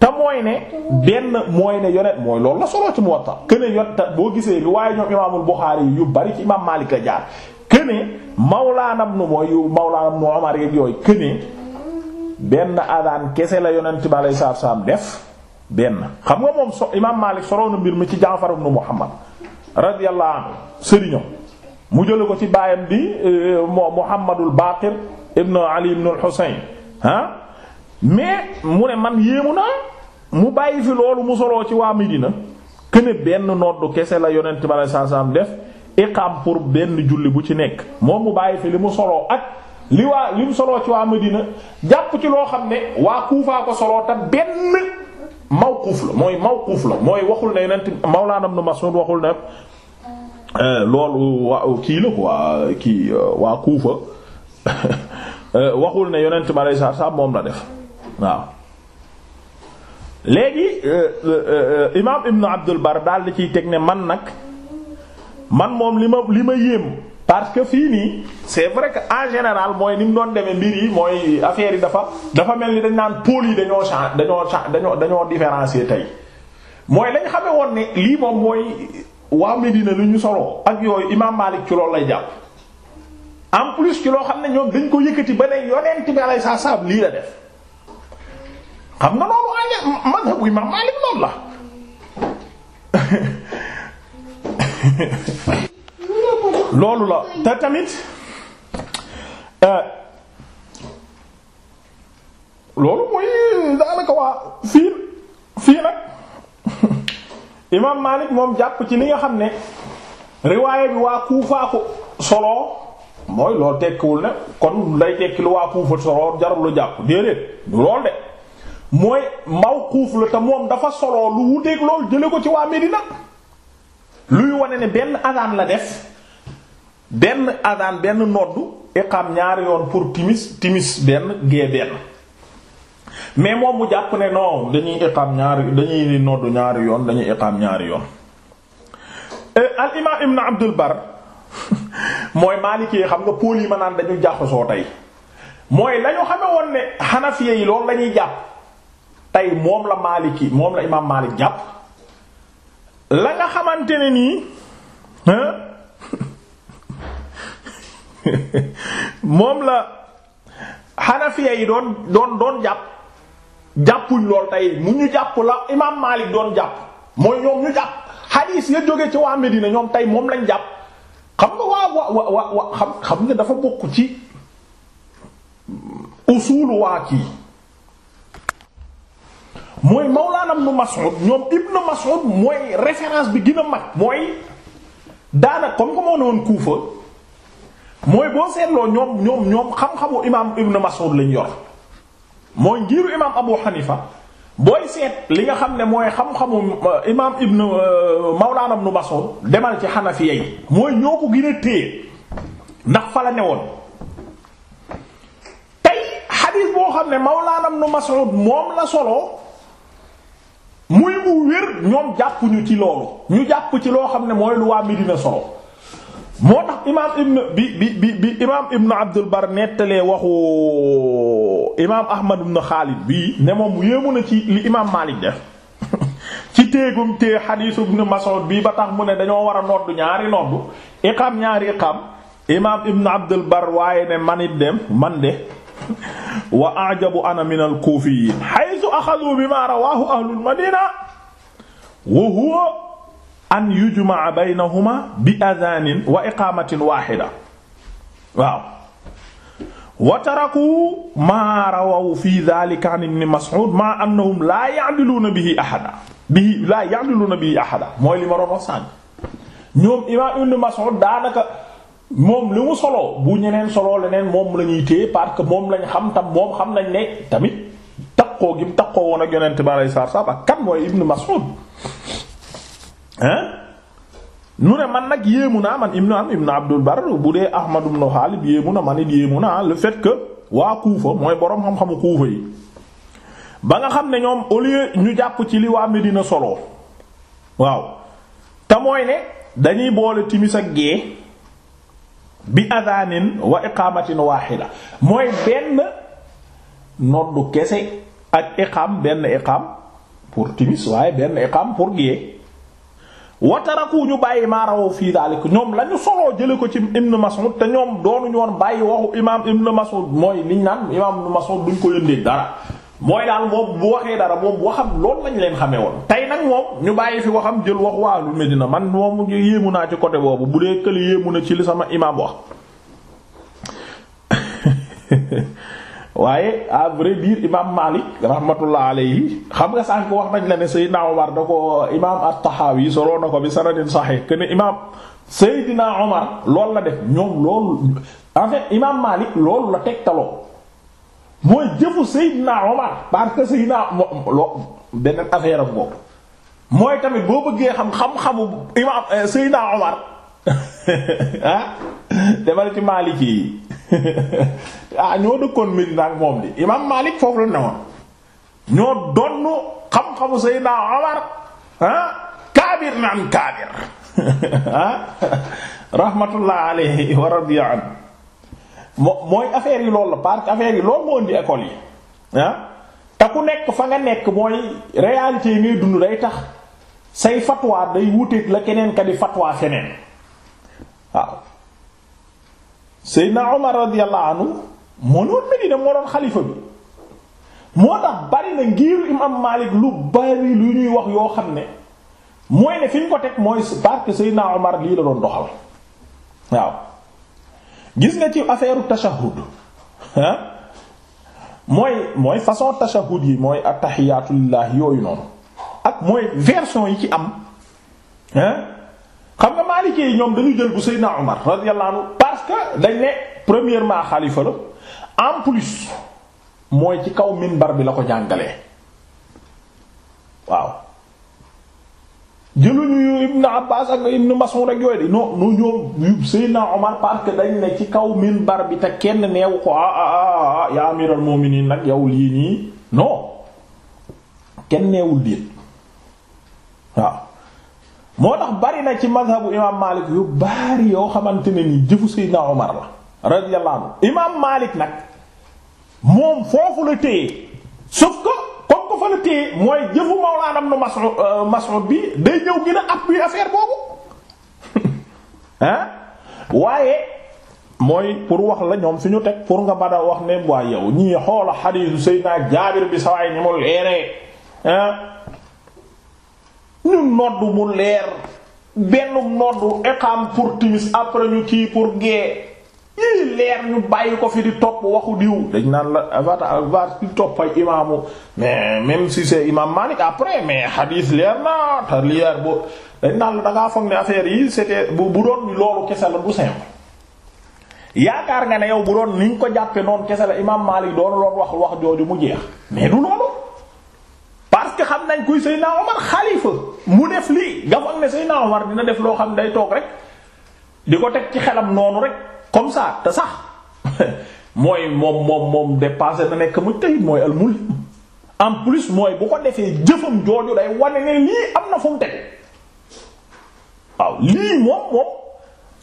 te mooy ne benn mooy ne yonet mooy loolu la soloo ci Muwatta këne yotta boo gisee riwaaye ñoom imaamul Buxaari yu bari ci imaam Malik la jaar këne mawlaana Ibnu mooy yu mawlaana Ibnu Umar yooyu këne benn adaan kese la yonent bi alayhi salaatu salaam def benn xam nga moom so imaam Malik soloo na mbir mi ci Jaafar ibnu Muhammad radiyallahu anhu mu jële ko ci baayam bi di euh, Muhammadul Baqir ibn Ali ibn al-Husayn ah mais mu ne man yéemu naa mu bàyyi fi loolu mu soloo ci waa Medina këne benn noddu kese la yonent bi sallallahu alayhi wasallam def iqam pour benn julli bu ci nekk moom mu bàyyi fi li mu soloo ak li waa li mu soloo ci waa Medina jàpp ci loo xam ne waa Kuufa ko soloo te benn mawquf la mooy mawquf la mooy waxul ne yonent Mawlaana nu Mas'ud waxul ne Euh, loolu waa kii la ko quoi kii euh, waa Kufa euh, waxul ne yonent bi aleyhi salaatu salaam moom la def waaw léegi imaam Ibn Abdul Bar daal di ciy teg ne man nag man moom li ma li ma yéem parce que fii nii c'est vrai que en général mooy ni mu doon demee mbir yi mooy affaire yi dafa dafa mel ni dañ naan pôles yi dañoo change dañoo dañoo dañoo différencier tey mooy lañ xamee woon ne lii moom mooy. waa Medina lu ñu soloo ak yooyu imaam Maalik ci loolu lay jàpp en plus ci loo xam ne ñoom dañ ko yëkkati ba ne yonent bi alayhi salaam lii la def xam nga loolu aje imaam Maalik loolu la te tamit euh, loolu mooy daanaka waa fii fii nag imaam Maalik moom jàpp ci li nga xam ne riwaaya bi waa Kuufa soloo mooy loolu tekkiwul ne kon lay tekki lu waa Kuufa soloo jarul lu jàpp déedéet du lool de mooy mawquuf la te moom dafa soloo lu wuteeg lool jële ko ci waa Medina luy wane ne benn adaan la def benn adaan benn nodd iqaam ñaari yoon pour timis timis benn gée benn mais moom mu jàpp ne non dañuy iqaam ñaari dañuy noddu ñaari yoon dañuy iqaam ñaari yoon euh, al imaam ibn abdul bar mooy maliki yi xam nga pôles yi ma naan dañuy jaxasoo tey mooy la ñu xame yi loolu la jàpp tey moom la maliki moom la imaam malik jàpp la nga xamante ne nii moom la xanafiya yi doon doon doon jàpp jàppuñ lool tey mu ñu jàpp la imaam Maalik doon jàpp mooy ñoom ñu jàpp xadiis ya jóge ci waa Medina ñoom tey moom lañ jàpp xam nga waaw wa wa wa xam xam nga dafa bokk ci usulu waa kii mooy Mawlaana Ibnu Mas'ud ñoom Ibnu Mas'ud mooy référence bi gën a mag mooy daanak comme que moo ne woon Kuufa mooy boo seetloo ñoom ñoom ñoom xam-xamu imaam Ibnu Mas'ud lañ yor. mooy ngiiru imaam Abu Hanifa booy seet li nga xam ne mooy xam-xamu euh, imaam Ibn euh, Mawlana Ibn Mas'ud demal ci Hanafiya yi mooy ñoo ko gën a ndax fa la newoon tey xadiis boo xam ne Mawlana Ibn Mas'ud moom la solo muy mu wér ñoom jàppuñu ci loolu ñu jàpp ci loo xam ne mooy lu waa Medina solo. moo tax imaam ibn bi bi bi bi imaam ibn Abdul Bar nettalee waxu imaam Ahmad ibn Xaalid bii ne moom yéemu na ci li imaam Maalik def ci téegum tée xadiisu ibn Mas'ud bii ba tax mu ne dañoo war a noddu ñaari noddu iqaam ñaari iqaam imaam ibn Abdul Bar waaye ne manit dem man de wa ajabu ana min al-kuufiyyiin haythu axadu bimaa rawaahu ahlul Madiina wa an yujmaa baynahuma bi adaanin wa iqaamatin waaxida waaw wa taraku maa rawaw fi dhalika an ibn mas'ud ma annahum laa ya'diluuna bihi ahada bihi laa ya'diluuna bihi mooy li daanaka moom li mu bu ñeneen soloo leneen moom la ñuy téye parce que moom lañ xam tam xam nañ ne tamit takkoo gi mu takkoo woon ak yonent bi alayhi salaatu wa ibn mas'ud nu ne man nag yéemu naa man ibnu am ibnu abdul bar bu dee ahmad ibnu xaalib yéemu na man yéemu naa le fait que waa kuufa mooy boroom xam-xamu kuufa yi ba nga xam ne ñoom au ñu jàpp ci li waa Medina solo waaw te ne dañuy boole timis ak gée bi adaanin wa iqaamatin waaxida mooy benn noddu kese ak iqaam benn iqaam pour timis waaye benn iqaam pour gée wataraku ñu bàyyi maa maarawo fii daal daalik ñoom la ñu soloo jële ko ci Ibn Mas'ud te ñoom doonuñu woon bàyyi waxu imaam Ibn Mas'ud mooy liñ naan imaam Ibn Mas'ud duñ ko yëndee dara mooy daal moom bu waxee dara moom waxam loolu lañ leen xamee woon tey nag moom ñu bàyyi fi waxam jël wax waa lu Medina man moom yéemu naa ci côté boobu bu dee kële yéemu na ci li sama imaam wax waaye à vrai dire imaam Malik rahmatullah xam nga sànq wax nañ la ne Seydina Omar da ko imaam at-Tahawi na ko bi sanadin sahih que ne imaam Seydina Omar loolu la def ñoom loolu en fait imaam Malik loolu la tegtaloo mooy jëfu Seydina Omar parce que Seydina loo beneen affaire am mooy tamit boo bëggee xam xam-xamu imaam eh, Seydina Omar ah ci Maliki yi. ah ñoo dëkkoon Medina ak moom di imaam Maalik foofu la newoon ñoo donn xam-xamu Seydina Umar ah kaabir naan kaabir ah rahmatullah alayhi wa radiya moo mooy affaire yi lool la parce que yi loolu moo indi école yi ah te ku nekk fa nga nekk mooy réalité yi ngay dund day tax say fatwa day wuteeg la keneen di fatwa feneen waaw Seydina Omar radiyallahu anhu moo noon Medina moo doon xalifa bi moo tax bari na ngir imam Malik lu bari lu ñuy wax yoo xam ne mooy ne fi ñu ko teg mooy parce que Omar lii la doon doxal waaw gis nga ci affaire tashahhud ah mooy mooy façon tashahhud yi mooy attahiyatullah yooyu noonu ak mooy version yi ci am ah xam nga Maliki yi ñoom dañu jël bu Seydina Omar radiyallahu anhu parce que dañ ne premièrement xalifa la en plus mooy ci kaw min bar bi la ko jàngale waaw jëluñu Ibn Abbas ak Ibn Mas'ud rek yooyu de non non ñoom Seydina Omar parce dañ ne ci kaw minbar bi te kenn neewu ko ah ah ah, ah, ah ya amiral mu'minin nag yow lii nii non kenn neewul déet waaw. moo tax bari na ci mazhabu imaam Maalik yu bari yoo xamante ni nii jëfu Seydina Omar la radiyallahu anhu imaam Maalik nag moom foofu la téye sauf que comme ko fa la téye mooy jëfu Mawlaana Ibn Mas'ud euh, Mas'ud bi day ñëw gën a appuyer affaire boobu ah waaye mooy pour wax la ñoom fi ñu teg pour nga bada wax ne waa yow ñii xoola xadiisu Seydina Jaabir bi sawaay ñi mu leeree ñu nodd mu leer benn nodd eqam pour timis après ñu kii pour gée yii leer ñu bàyyi ko fi di topp waxu diw dañ naan la avata va di topp ay mais même si c'est imam après mais hadith leer na te leer bo dañ naan la da foog ne affaire yi e bu bu doon loolu kese la bu simple yaakaar nga ne yow bu doon ni ñu ko jàppee noon kese la imam Malik doon loon wax wax jooju mu jeex mais du loolu parce que xam nañ kuy Seydina Omar xalifa mu def lii nga foog ne Seydina Omar dina def loo xam ne day toog rek di ko teg ci xelam noonu rek comme ça te sax mooy moom moom moom dépassé na nekk mu tey mooy almulim en plus mooy bu ko defee jëfam jooju day wane ne lii am na fu teg tegu waaw lii moom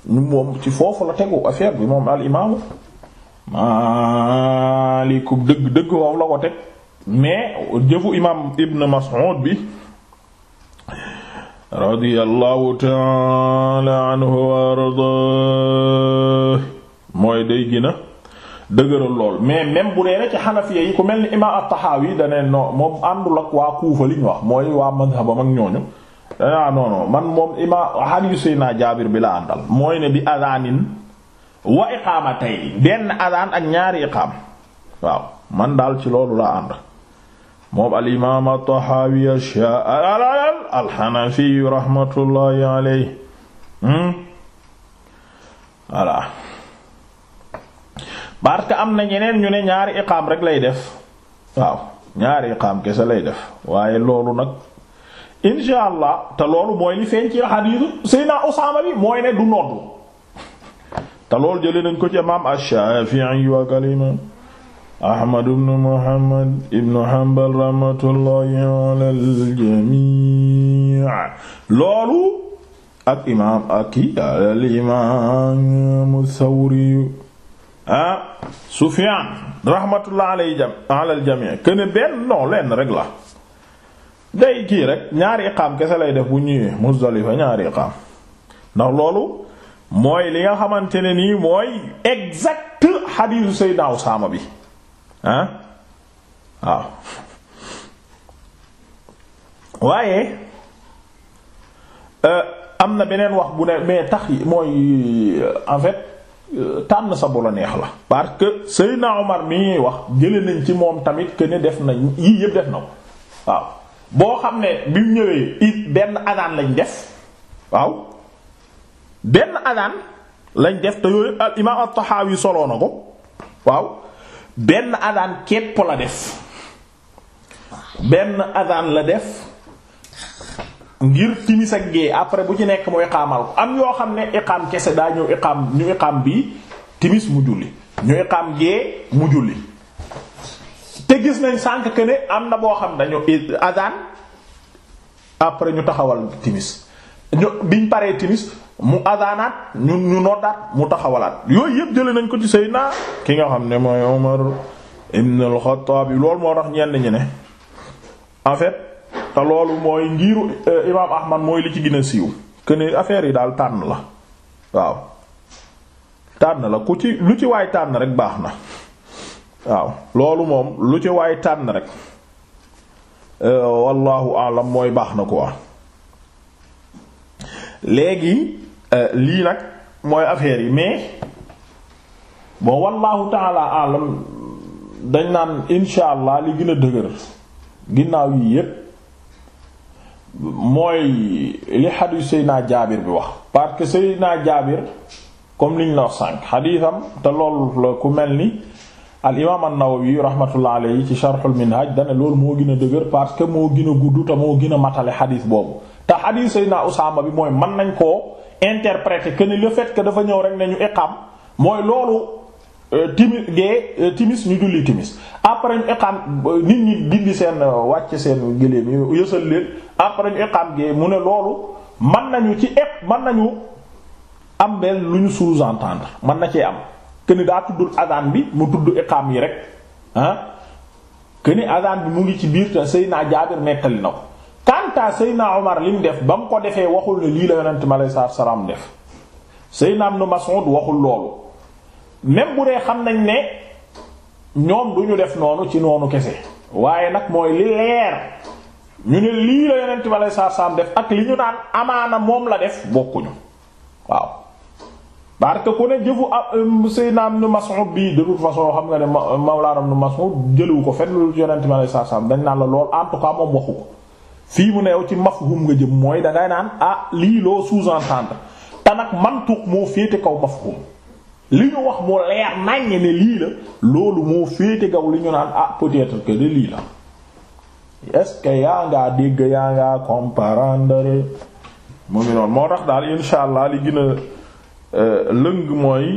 moom moom ci foofu la tegu affaire bi moom al imaamu Maalik dëgg dëgg waaw la ko teg mais jëfu imaam Ibn Mas'ud bi radiyallahu taala anhu wa mooy day gina dëgëral lool mais même bu dee ci xanafiya yi ku mel ni imaam at-Tahawi da ne moom àndul ak waa Kuufa wax mooy waa mazhabam ak ñooñu ah non non man moom imaam hadiisu Seydina Jaabir bi la àndal mooy ne bi adaanin wa iqaamatayn benn adaan ak ñaari iqaam waaw man daal ci loolu laa ànd. moom al imaam at-Tahawi al-Hanafi rahmatullahi alayhi hmm? voilà parce que am na ñeneen ñu ne ñaari iqaam rek lay def waaw ñaari iqaam kese lay def waaye loolu nag insha allah te loolu mooy li feeñ ci xadiisu Seydina Usaama bi mooy ne du noddu te loolu jëlee nañ ko ci imaam ash-Shafi'i wa kalima Ahmad ibnu Muhammad ibnu Hanbal rahmatullahi alal jamii loolu ak imaam ak i al imaamu Sawri ah Sufyaan rahmatullahi alal jam alal jamii kenn benn non lenn rek la day kii rek ñaari iqaam kese lay def bu ñëwee Muzdalifa ñaari iqaam ndax loolu mooy li nga xamante ne nii mooy exact xadiisu Sayyidina Usaama bi. ah waaw waaye euh, am na beneen wax bu ne mais tax mooy euh, en fait euh, tànn sa bu neex la parce que Seydina Omar mi ñuy wax jële nañ ci moom tamit que ne def nañ yii yëpp def na ko waaw boo xam ne bi mu ñëwee it benn adaan lañ def waaw benn adaan lañ def te yooyu al imaam at-Tahawi soloo na ko waaw benn adaan képp la def benn adaan la def ngir timis ak gee après bu ci nekk mooy xaamal ko am yoo xam ne iqaam kese daa ñëw iqaam ñu iqaam bii timis mu julli ñu iqaam gée mu julli te gis nañ sànq que am na boo xam dañu adaan après ñu taxawal timis ñu biñ paree timis mu adaanaat ñun ñu noddaat mu taxawalaat yooyu yëpp jële nañ ko ci Seydina ki nga xam ne mooy Umar ibn al-Khattab loolu moo tax ñenn ne en fait te loolu mooy ngiiru euh, imaam Ahmad mooy li ci gën a siiw que ne yi daal tànn la waaw tànn la ku ci lu ci waay tànn rek baax na waaw loolu moom lu ci waay tànn rek euh, wallahu alam mooy baax na quoi léegi Euh, lii nag mooy affaire yi mais bon wallahu taala alam dañ naan insha li gën a dëgër ginnaaw yi yépp mooy li xadiis Seydina Jaabir bi wax parce que naa Jaabir comme liñ la wax xadiisam te loolu ku mel ni al imaam an-Nawawi rahmatullah alayhi ci sharhul minhaj dane loolu moo gën a dëgër parce que moo gin a gudd te moo gën a matale xadiis boobu te xadiis Seydina Usaama bi mooy mën nañ ko interpréter que ni le dafa ñëw rek nañu iqaam mooy loolu euh, timis gee euh, timis ñu julli timis après ñu iqaam euh, nit ñi dindi seen wàcc seen gëléem yi yësal leen après ñu iqaam gee mu ne loolu man nañu ci ep man nañu am benn lu ñu sous-entendre mën na cee am këni daa tuddul adaan bi mu tudd iqaam yi rek ah que ni adaan bi mu ngi ci biir te Seydina Jaabir nettali na ko kanta Seydina Omar li mu def ba mu ko defee waxul ne lii la yonent mi alayhi salaatu salaam def Seydina Ibn Mas'ud waxul loolu même bu dee xam nañ ne ñoom duñu def noonu ci noonu kese waaye nag mooy li leer ñu ne lii la yonent mi alayhi salaam def ak li ñu naan amaana moom la def bokkuñu waaw parce que ku ne jëfu ab um, Seydina Ibn Mas'ud bii de toute façon xam nga ne Mawlaana Ibn Mas'ud jëliwu ko fenn lu yonent mi alayhi salaatu salaam dañ naan la lool en tout cas moom waxu ko. fii mu neew ci mafhum nga jëm mooy dangay naan ah lii loo sous-entendre te nag mantuq moo féete kaw mafhum li ñu wax mu leer nàññe ne lii la loolu moo féete kaw li ñu naan ah peut-être que lii la est-ce que yaa ngaa dégg yaa ngaa comprendre mu ngi noonu moo tax daal insha allah li gën euh, lëng mooy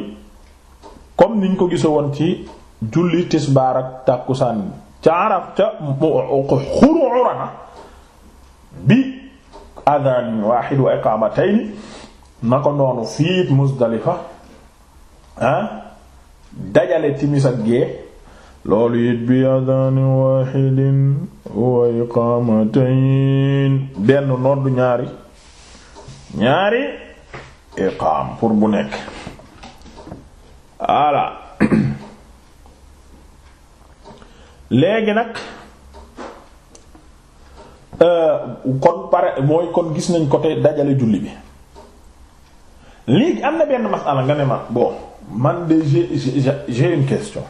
comme niñ ko gisa woon ci julli tisbaar ak tàkkusaan ca arab ca xuruurana bi adaan waaxid wa iqaamatayn na ko noonu fiit Muzdalifa ah, dajale timis ak gee loolu it bi adaan waaxidin wa iqaamatayn benn nodd ñaari ñaari iqaam pour bu nekk voilà léegi nag Euh, kon pare mooy kon gis nañ côté dajale julli bi léegi am na benn masala nga ne ma bon man de j'ai j'ai une question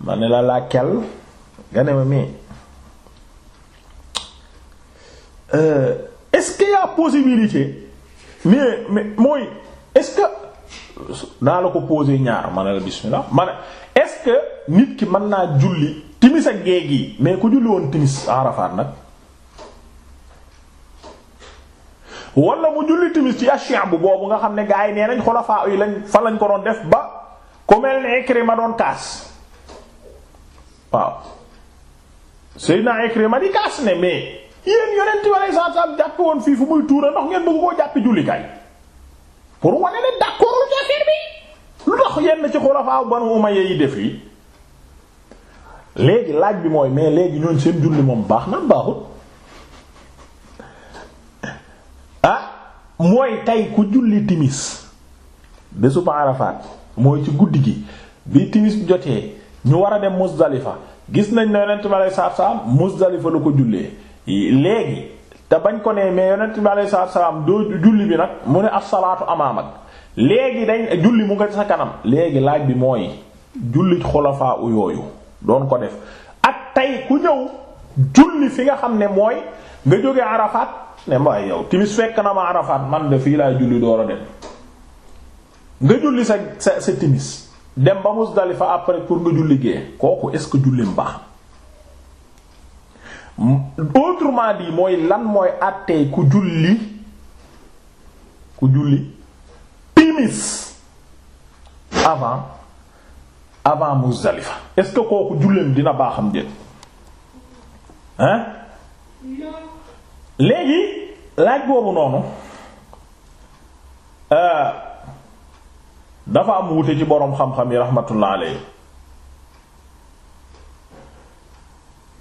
ma ne la laquelle nga ne ma mais euh, est-ce qu'il y a possibilité mais mooy est-ce que naa la ko poser ñaar ma la bismillah ma ne est-ce que nit ki mën naa julli. timis ak géej gi mais ku julli woon timis Arafat nag wala mu julli timis ci ashia bu boobu nga xam ne gaa yi nee nañ xulafaa yi lañ fa lañ ko doon def ba ku mel ne Ikrima doon kaas waaw Seydina Ikrima di kaas ne mais yéen yonent bi aleyhi salaatu salaam jàpp woon fii fu muy tuura ndox ngeen bëgg koo jàppi julli pour wane ne d'accord ci affaire bi lu tax yenn ci xulafaa Banu Umayya yi def yi léegi laaj bi mooy mais léegi ñooñ seen julli moom baax na baaxut ah mooy tey ku julli timis bésu Arafat mooy ci guddi gi bi timis jotee ñu war a dem Muzdalifa gis nañ ne yonent bi alayhi salaatu salaam Muzdalifa la ko jullee léegi te bañ ko nee mais yonent bi alayhi salaatu salaam doo julli bi nag mu ne as-salaatu amaamak léegi dañ julli mu nga sa kanam léegi laaj bi mooy jullit xulafaa u yooyu doon ko def ak tey ku ñëw julli fi nga xam ne mooy nga jóge Arafat ne waaye yow timis fekk na ma Arafat man de fii laay julli door a dem nga julli sa sa sa timis dem ba Musdalifa après pour nga julli gee kooku est-ce que julli mbaax autrement dit mooy lan mooy àttee ku julli ku julli timis avant avant Muzdalifa est ce que kooku julleem dina baaxam jël léegi laaj boobu noonu euh, dafa am wute ci boroom xam-xam yi rahmatullah alayhi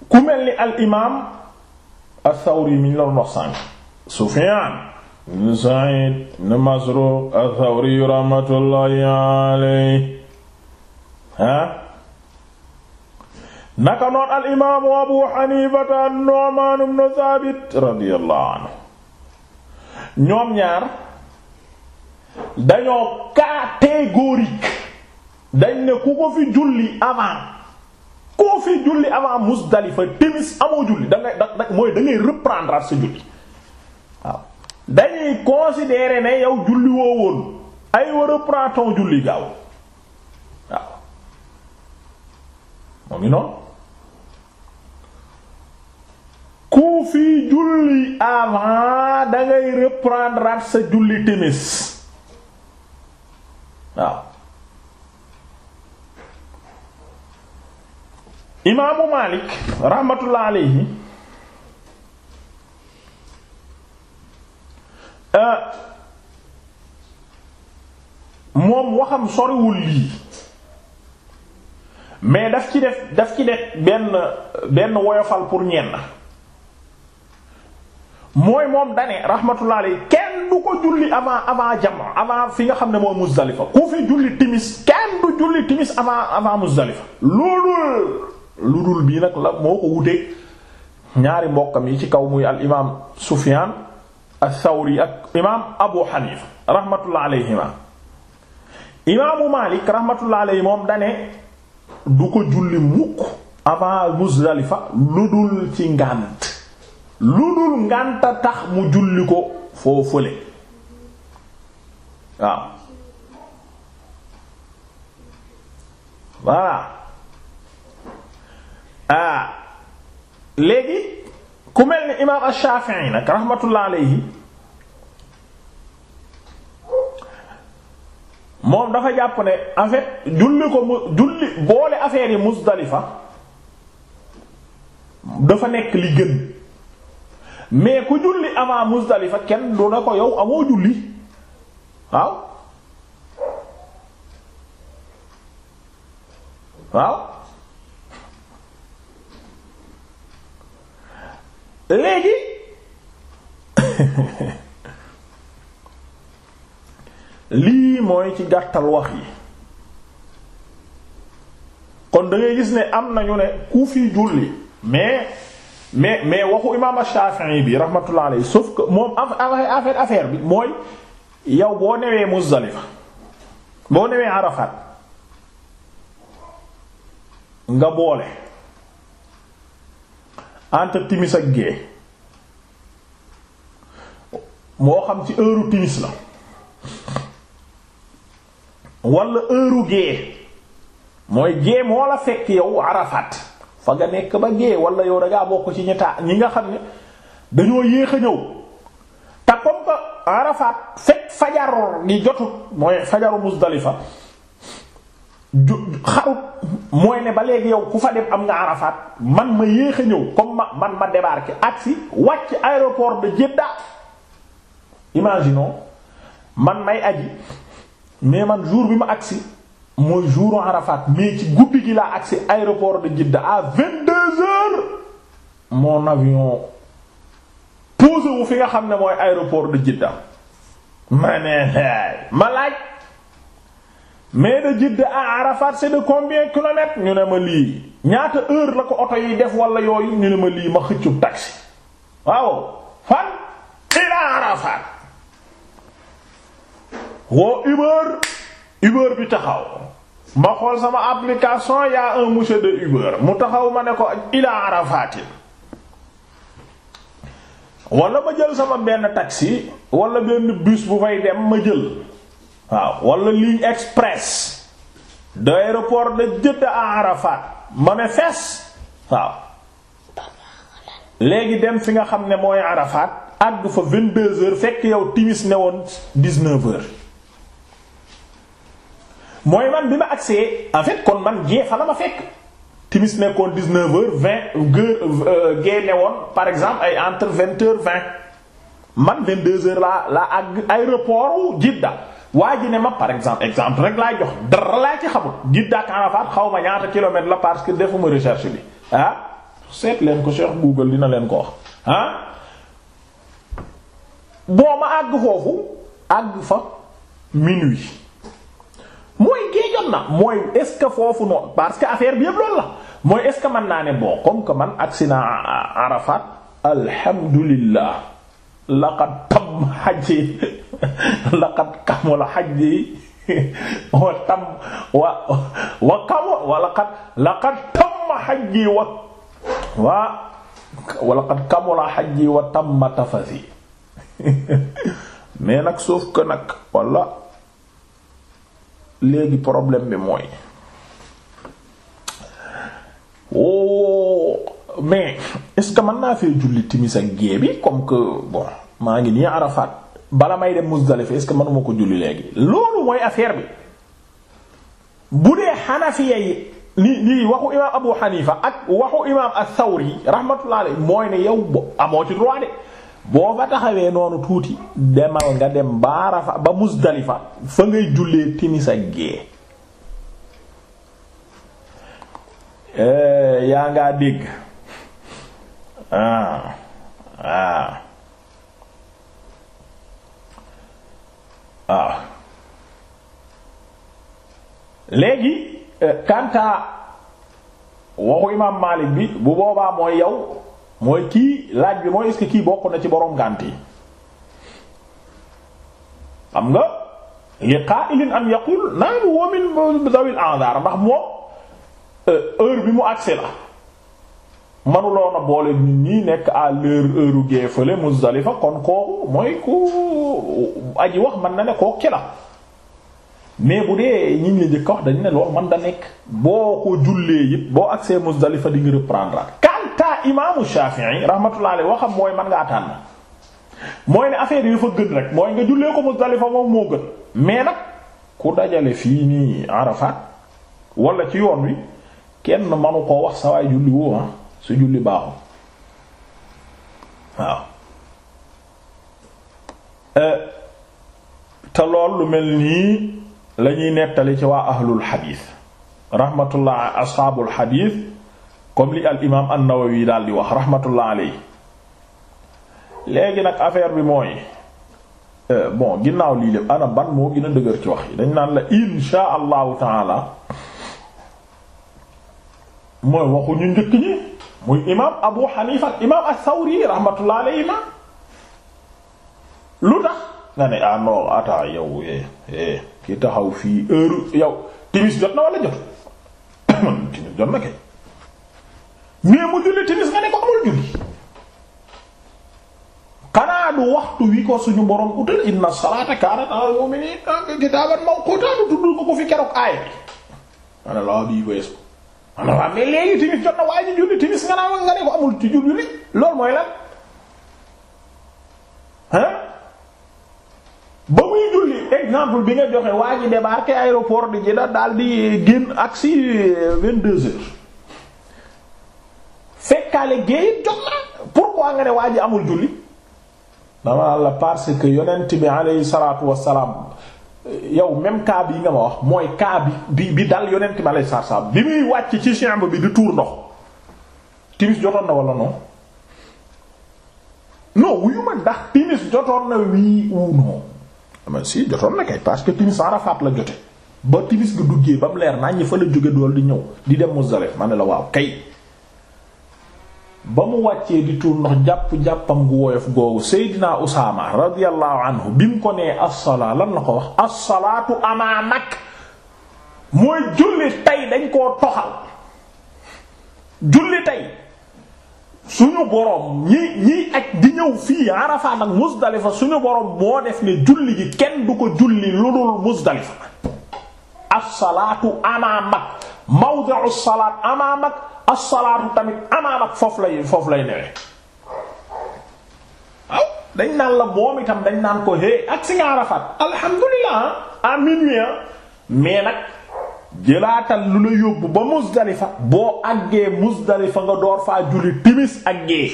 ku mel ni al imaam as-Sawri mi ñu la doon wax sànq Sufyaan ibn Sa'id ibn Masruq as-Sawri rahmatullahi alayhi ah naka noon al imaamu abu xanifata an-nu'man ibn thabit radiyallahu anhu ñoom ñaar dañoo catégorique dañ ne ku ko fi julli avant koo fi julli avant Musdalifa timis amoo julli da da mooy da ngay reprendre julli waaw dañuy considérer ne yow julli woo woon ay wa reprend julli gaaw mu ngi noonu ku fi julli avant dangay reprendre sa julli timis waaw imaamu Maalik rahmatullah alayhi euh, moom waxam soriwul lii mais daf ci def daf ci def benn benn woyofal pour ñenn mooy moom dane rahmatullah alayhi kenn du ko julli avant avant jamaa avant fi nga xam ne mooy Muzdalifa ku fi julli timis kenn du julli timis avant avant Muzdalifa loolul lu dul bii nag la moo ko wuteeg ñaari mbokkam yi ci kaw muy al imaam Sufyaan as-Sawri ak imaam Abu Hanifa rahmatullah alayhima imaamu Maalik rahmatullah alayhi moom dane du ko julli mukk avant Muzdalifa lu dul ci ngànt lu dul ngànta tax mu julli ko foo fële waaw voilà ah léegi ku mel ni imaam Shafi'i nag rahmatullah alayhi moom dafa jàpp ne en julli ko mu julli boole affaire yi Musdalifa dafa nekk li gën mais ku julli avant Musdalifa kenn du na ko yow amoo julli waaw waaw léegi lii mooy ci gàttal wax yi kon da gis ne am nañu ne ku fi julli mais mais mais waxu imaam Shafi'i bi rahmatullah alayhi sauf que moom affaire affaire bi mooy yow boo newee Muzdalifa boo newee Arafat nga boole entre timis ak gée moo xam ci heure timis la wala heure gée mooy gée moo la fekk yow Arafat fa nga nekk ba gée walla yow da bokk ci ñetta ñi nga xam ne dañoo yéex a ñëw te comme que fekk fajar gi jotu mooy fajaru Muzdalifa ju xarut mooy ne ba léegi yow ku fa dem am nga Arafat man ma yéex a ñëw comme ma man ma débarqué agsi wàcc aéroport de Jeddah imaginons man may aji mais man jour bi ma agsi mooy jouru Arafat mais ci guddi gi laa agsi aéroport de Jeddah à vingt-deux heures mon avion posé wu fi nga xam ne mooy aéroport de Jeddah ma ne ma laaj mais de Jeddah à Arafat c'est de combien kilomètres ñu ne ma lii ñaata heure la ko oto yi def wala yooyu ñu ne ma lii ma xëccub taxi waaw fan ila Arafat woo Uber Uber bi taxaw ma xool sama application y'a un monsieur de Uber mu taxaw ma ne ko ila Arafatin wala ma jël sama benn taxi walla benn bus bu fay dem ma jël waaw walla ligne express de aéroport de Jeddah à Arafat ma ne fees waaw léegi dem fi nga xam ne mooy Arafat àgg fa 22 heures fekk yow timis ne woon 19 heures mooy man bi ma agsee a fait kon man jeexa la ma fekk timis nekkoon 19 heures 20 ge euh, gée woon par exemple ay entre vingt heures 20 man 22 heures laa laa àgg aéroport wu Jidda waa ji ne ma par exemple exemple rek laay jox dara laa ci xamul Jidda ak Arafat xaw ma ñaata kilomètre la parce que defuma recherche bi ah seet leen ko Cheikh Google dina leen ko wax ah boo ma àgg foofu àgg fa minuit mooy gée jot na mooy est-ce que foofu noonu parce que affaire bi yëpp loolu la mooy est-ce que mën naa ne bon comme que man agsi naa Arafat alhamdulillah laqad tam hajji laqad kamula hajji wa tam wa wa kamu wa laqad laqad tam hajji wa wa wa laqad kamula hajji wa tam tafasi mais nag sauf que nag walla léegi problème mi mooy woo mais est-ce que mën naa fee julli timis ak gée bi comme que bon maa ngi nii Arafat bala may dem Muzdalifa est-ce que mënuma ko julli léegi loolu mooy affaire bi bu dee Hanafiya yi li lii waxu imaam Abu Hanifa ak waxu imaam as-Sawri rahmatullah mooy ne yow bo amoo ci droit de boo fa taxawee noonu tuuti demal nga dem ba Arafa ba Muzdalifa fa ngay jullee timis ak gée eh, yaa ngaa dégg ah, ah. Ah. léegi eh, kanta waxu imaam Maalik bi bu boobaa mooy yow mooy kii laaj bi mooy est kii bokk na ci borom ngànt yi xam nga li qa'ilin an yaqul na'am wa min zawil anzar ndax moom euh, heure bi mu agsi la manuloon a boole nit ñi nekk à l'heure heure gee fële Muzdalifa kon kooku mooy ku aji wax man na ne koo ki la mais bu dee ñi ngi la jëkk wax dañ ne lool man da nekk boo ko jullee yëpp boo agsee Muzdalifa di nga reprendre hatta imaamu Shafi'i rahmatullahi alayhi waxam mooy man ngaa tànn mooy ne affaire yi dafa gën rek mooy nga jullee ko Muzdalifa moom moo gën mais nag ku dajale fii nii Arafat wala ci yoon wi kenn manu koo wax sawaay julli woo ah, su julli baaxul waaw euh, te lool lu mel nii lañuy nettali ci waa ahlul xadiis raxmatullah asxaabul xadiis comme li al imaam an-Nawawi daal di wax rahmatullah alayhi léegi nag affaire bi mooy euh, bon ginnaaw lii lépp ana ban moo gën a dëgër ci wax yi dañ naan la insha allahu taala mooy waxu njëkk ñi muy imaam Abu Hanifa imaam as-Sawri rahmatullah alayhi ma lu tax nga ne ah non ata yow eh, eh ki taxaw fii heure yow timis jot na wala jot timis jot na kay. mais mu julli timis nga ne ko amul julli xanaa waxtu wi ko suñu borom utal inna salata kanat al mu'minina ah, kitaban mawquta tuddul ko ko fi keroog aay ma ne bii weesu ma ne laa mais timis jot na waaye ñu julli timis nga naa ah, nga ne ko amul ci julli loolu mooy lan hein ba muy julli exemple bi nga joxe waa ji débarqué aéroport di Jeddah daal di génn agsi euh, vingt-deux heures fekkaale géeyit jot na pourquoi nga ne waa amul julli dama la parce que yonent bi alayhi salaatu wassalaam yow même cas yi nga ma wax mooy kaabi bi bi dal yonent bi alayhi salaatu wassalaam bi muy wàcc ci chambre bi di tuur ndox timis jotoon na wala non non wuyu ma ndax timis jotoon na wii ou non ama si jotoon na kay parce que timis Arafat la jote ba timis gi duggee ba mu leer nañ ñi fa la jóge dool di ñëw di dem Muzdalifa ma ne la waaw kay ba mu wàccee di tuur ndox jàpp jàppam gu woyof googu seydina usaama radiyallahu anhu bi mu ko nee assalaa lan la ko wax assalaatu amaamak mooy julli dañ koo toxal julli tey suñu ñëw fii Arafa nag Muzdalifa suñu boroom def ne julli gi kenn du ko julli lu dul Muzdalifa as amaamak mawdi'u as amaamak as-salaatu tamit amaam ak foofu lay foofu lay newee waaw dañ naan la moom itam dañ naan ko hé ak si nga Arafat alhamdulilah à minuit ah. mais nag jëlaatal lu la yóbbu ba Muzdalifa boo àggee Muzdalifa nga door faa julli timis ak gée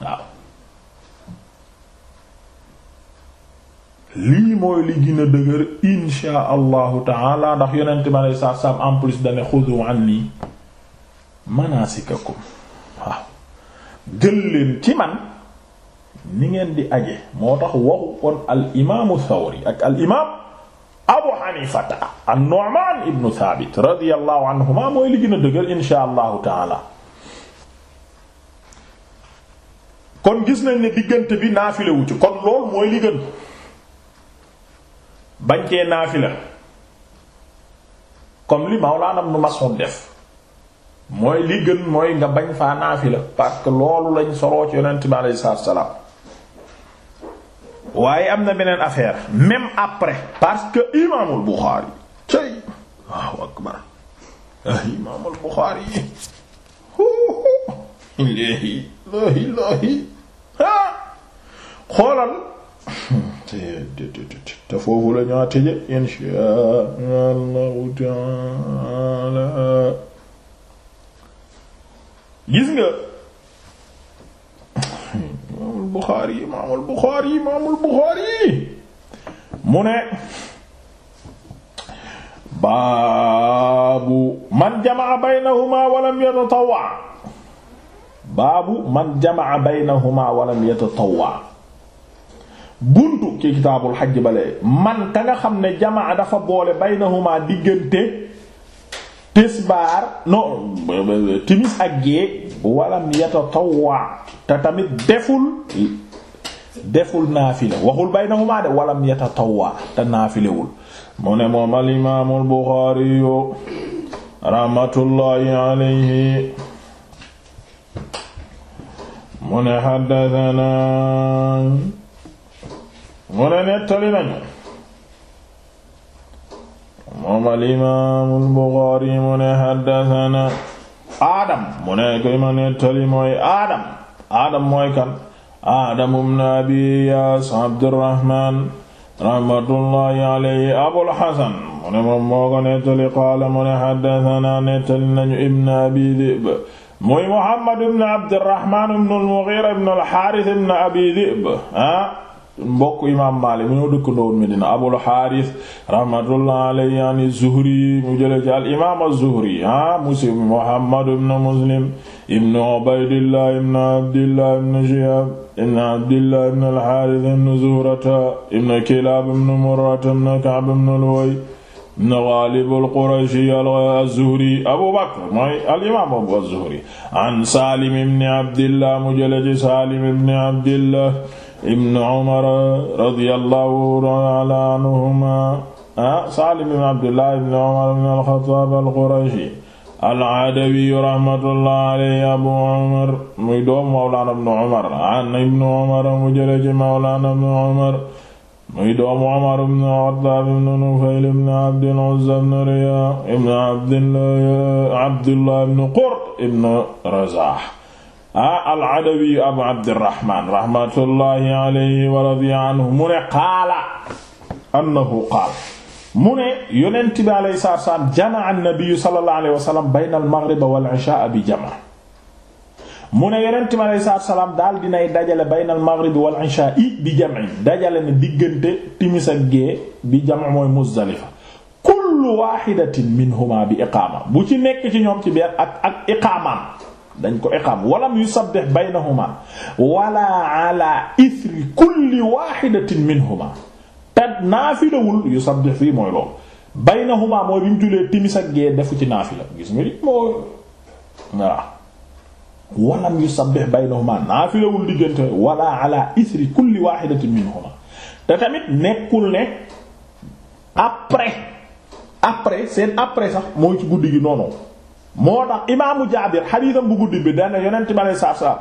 waaw lii mooy li gën a dëgër insha allahu taala ndax yonent bi aleyhi salaatu salaam en plus dane xudu anni manasikakum waaw jël leen ci man ni ngeen di aje moo tax waxu kon al Thawri ak al Abu Hanifata an-Nu'man ibnu Thabit radiyallahu anhuma mooy li gën a dëgër insha allahu taala kon gis nañ ne diggante bi naafila wu ci kon lool mooy li gën bañ cee naafila comme li Mawlaana Ibnu Mas'ud def mooy lii gën mooy nga bañ faa naafila parce que loolu lañ soloo ci yonent bi alayhi salaam waaye am na beneen affaire même après parce que imaamul Buxaari cay waaw akbar imaamul Buxaari léegi loohi loohi xoolal te foofu la tëje inshaa Allahu ta'ala gis nga imaamul Buxaari imaamul Buxaari imaamul Buxaari mu ne baabu man jamaa baynahuma walam yatatawwa baabu man jamaa baynahuma walam yatatawwa buntu ci kitaabul xaj bale man ka nga xam ne jamaa dafa boole baynahuma diggante tisbaar no timis ak gée walam yatatawwa te tamit deful deful naafile waxul baynahuma de walam yatatawwa te naafilewul mu ne moom al imaamul Buxaari yu rahmatullahi mu ne haddathana mu ne nettali nañu moom al imaamul Buxaari mu ne haddathana Adam mu ne koy ma nettali mooy Adam Adam mooy kan Adam ibn Abi Iyaas Abdurrahmaan rahmatullahi alayhi Abul Hasan mu ne moom moo ko nettali qaala mu ne haddathana nettali nañu ibn Abi Dhi'b muy Muhammad ibn Abdurrahmaan ibn al-Mughiira ibn al-Haarith ibn Abi Dhi'b ah mbokk imaam Maalik mu ñoo dëkkandoo Medina Abul Haaris rahmatullah alayhi an Zuhri mu jële ci al imaam az-Zuhri ah Muslim Muhammad ibn Muslim ibn Ubaydillah ibn Abdillah ibn Shihab ibn Abdillah ibn al-Haaris ibn Zuhrata ibn Kilaab ibn Murrata ibn Ka'b ibn Luway ibn Ghalib al-Qurashi az-Zuhri Abu Bakr mooy al imaam Abu az-Zuhri an Saalim ibn Abdillah mu jële ci Saalim ibn Abdillah ibn Umar radiyallahu ta'ala anhuma ah Saalim ibn Abdullah ibn Umar ibn al-Khattab al-Qurashi al-Adawi rahmatullahi alayhi Abu Umar muy doom Mawlana ibn Umar an ibn Umar mu jële ci Mawlana ibn Umar muy doomu Umar ibn Khattab ibn Nufayl ibn Abdil Uzza ibn Riya ibn Abdillah ibn Qurt ibn Razah ah al-Adawi Abu Abdirrahman rahmatullahi alayhi wa radiya anhu mu ne qaala annahu qaala mu ne yonent bi alayhi salaatu wa salaam jamaa an-nabiyyu sallallahu alayhi wa sallam bayna al-maghrib wal-ishaa bi jamaa mu ne yonent bi alayhi salaatu wa salaam daal dinay dajale bayna al-maghrib wal-ishaa bi jamaa dajale ne diggante timis ak gee bi jamaa mooy Muzdalifa kullu waahidatin minhumaa bi iqaama bu ci nekk ci ñoom ci biir ak ak iqaama dañ ko iqaam walam yusabbih baynahuma wala ala ithri kulli wahidatin minhuma te naafilawul yusabbih fii mooy loolu baynahuma mooy bi mu julee timis ak gee defu ci naafila gis nga li mooy voilà walam yusabbih baynahuma naafilawul diggante wala ala ithri kulli wahidatin minhuma te tamit nekkul ne après après seen après sax mooy ci guddi gi noonu moo tax imaamu jaabir xadiisam bu gudd bi dana yonent bi aleyhi salaatu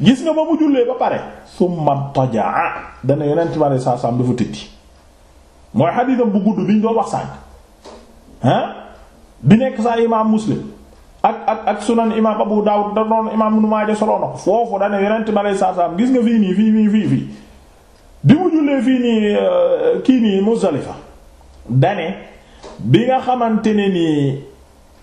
gis nga ba mu jullee ba pare summa tojaa dana yonent bi aleyhi salaatu salaam dafa tëddi mooy xadiisam bu gudd bi ñu doon wax sànk ah bi nekk sax imaam muslim ak ak ak sunan imaam abu daawud da doon imaam nu maaja soloo na ko foofu dana yonent bi aleyhi salaatu salaam gis nga fii nii fii fii fii fii bi mu jullee fii nii euh, kii nii muzdalifa dane bi nga xamante ne nii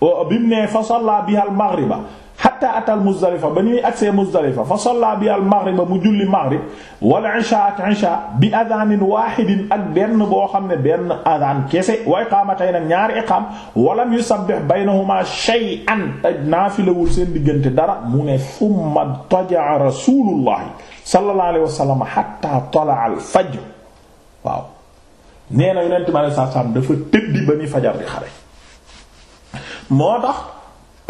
bi mu nee fa salla biha al maghriba hatta atal muzdalifa ba ñuy agsee muzdalifa fa salla biha al maghriba mu julli maghrib wal isha ak isha bi adhanin wahidin ak benn boo xam ne benn adhan kese wa iqaamatay nag ñaari iqaam walam yusabbih baynahuma shay'an naafilawul seen diggante dara mu ne thumma taja'a rasulullahi sallallahu alayhi wa sallam hatta tala'a al fajr waaw nee na yonent bi sallallahu alayhi wa sallam dafa tëddi ba ni fajar di xare moo tax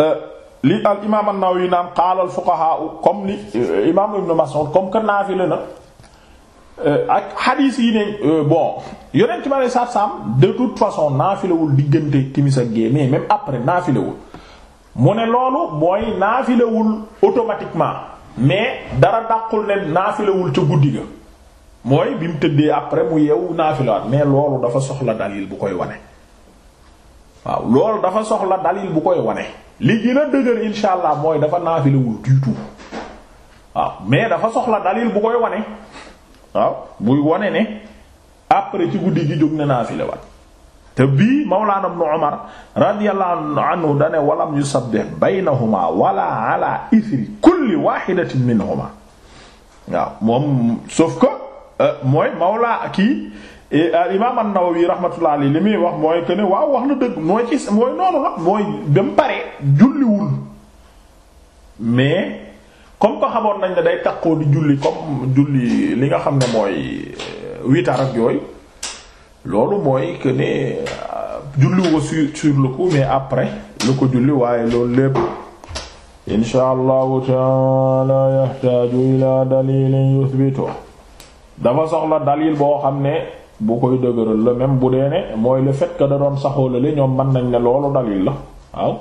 euh, li al imaam an-Nawawi naan qaala al fuqahaa comme li euh, imaam Ibn Mas'ud comme que naafile na euh, ak xadiis yi ne bon yonent ma ne saat saam de toute façon naafilewul diggante timis ak gée mais même après naafilewul mu ne loolu mooy naafilewul automatiquement mais dara dàqul ne naafilewul ca guddi ga mooy bi mu tëddee après mu yeewu naafilaat mais loolu dafa soxla dalil bu koy wane waaw loolu dafa soxla dalil bu koy wane li gën a dëgër insha allah mooy dafa naafilawul du waaw mais dafa soxla dalil bu koy wane waaw buy wane ne après ci guddi gi jóg ne naafilawaat te bii mawlaana ibnu Umar radiyallahu anhu dane walam yusabbih baynahuma wala ala ithri waaw moom sauf que euh, mooy mawla kii Euh, imaam an-Nawawi rahmatullahi alayhi li muy wax mooy que ne waaw wax na dëgg mooy ci mooy noonu la mooy ba mu julliwul mais comme ko xamoon nañ ne day takkoo di julli comme julli li nga xam ne mooy euh, witar ak yooyu loolu mooy que ne euh, julli ko sur sur mais après lu ko julli waaye loolu lépp insha allahu taala yaxtaaju ila dalilin yuthbitu dafa soxla dalil boo xam ne bu koy dëgëral la même bu dee ne mooy le fait que da doon saxoo la ñoom mën nañ ne loolu dalil la waaw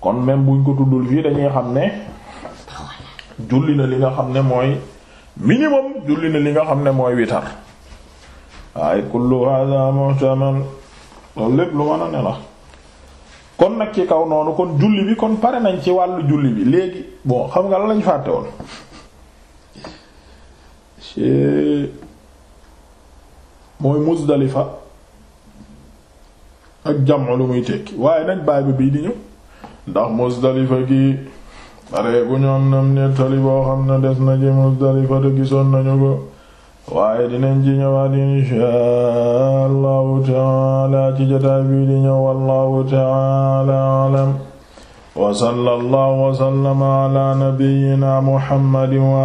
kon même buñ ko tuddul fii dañuy xam ne julli na li nga xam ne mooy minimum julli na li nga xam ne mooy witar waaye kullu hada muhtamal loolu lépp lu mën a ne kon nag ci kaw noonu kon julli bi kon pare nañ ci wàllu julli bi léegi bon xam nga la lañ fàtte woon mooy Muzdalifa ak jam'u lu muy tekki waaye nañ bàyyi ba bii di Muzdalifa gi pare bu ñoom nam nettali boo xam ne des na ci Muzdalifa te gisoon nañu ko waaye dinañ ci ñëwaat ta'ala ci jotaay bii di ta'ala a'lam wa sallallahu wa sallama ala nabiyyina Muhammadin wa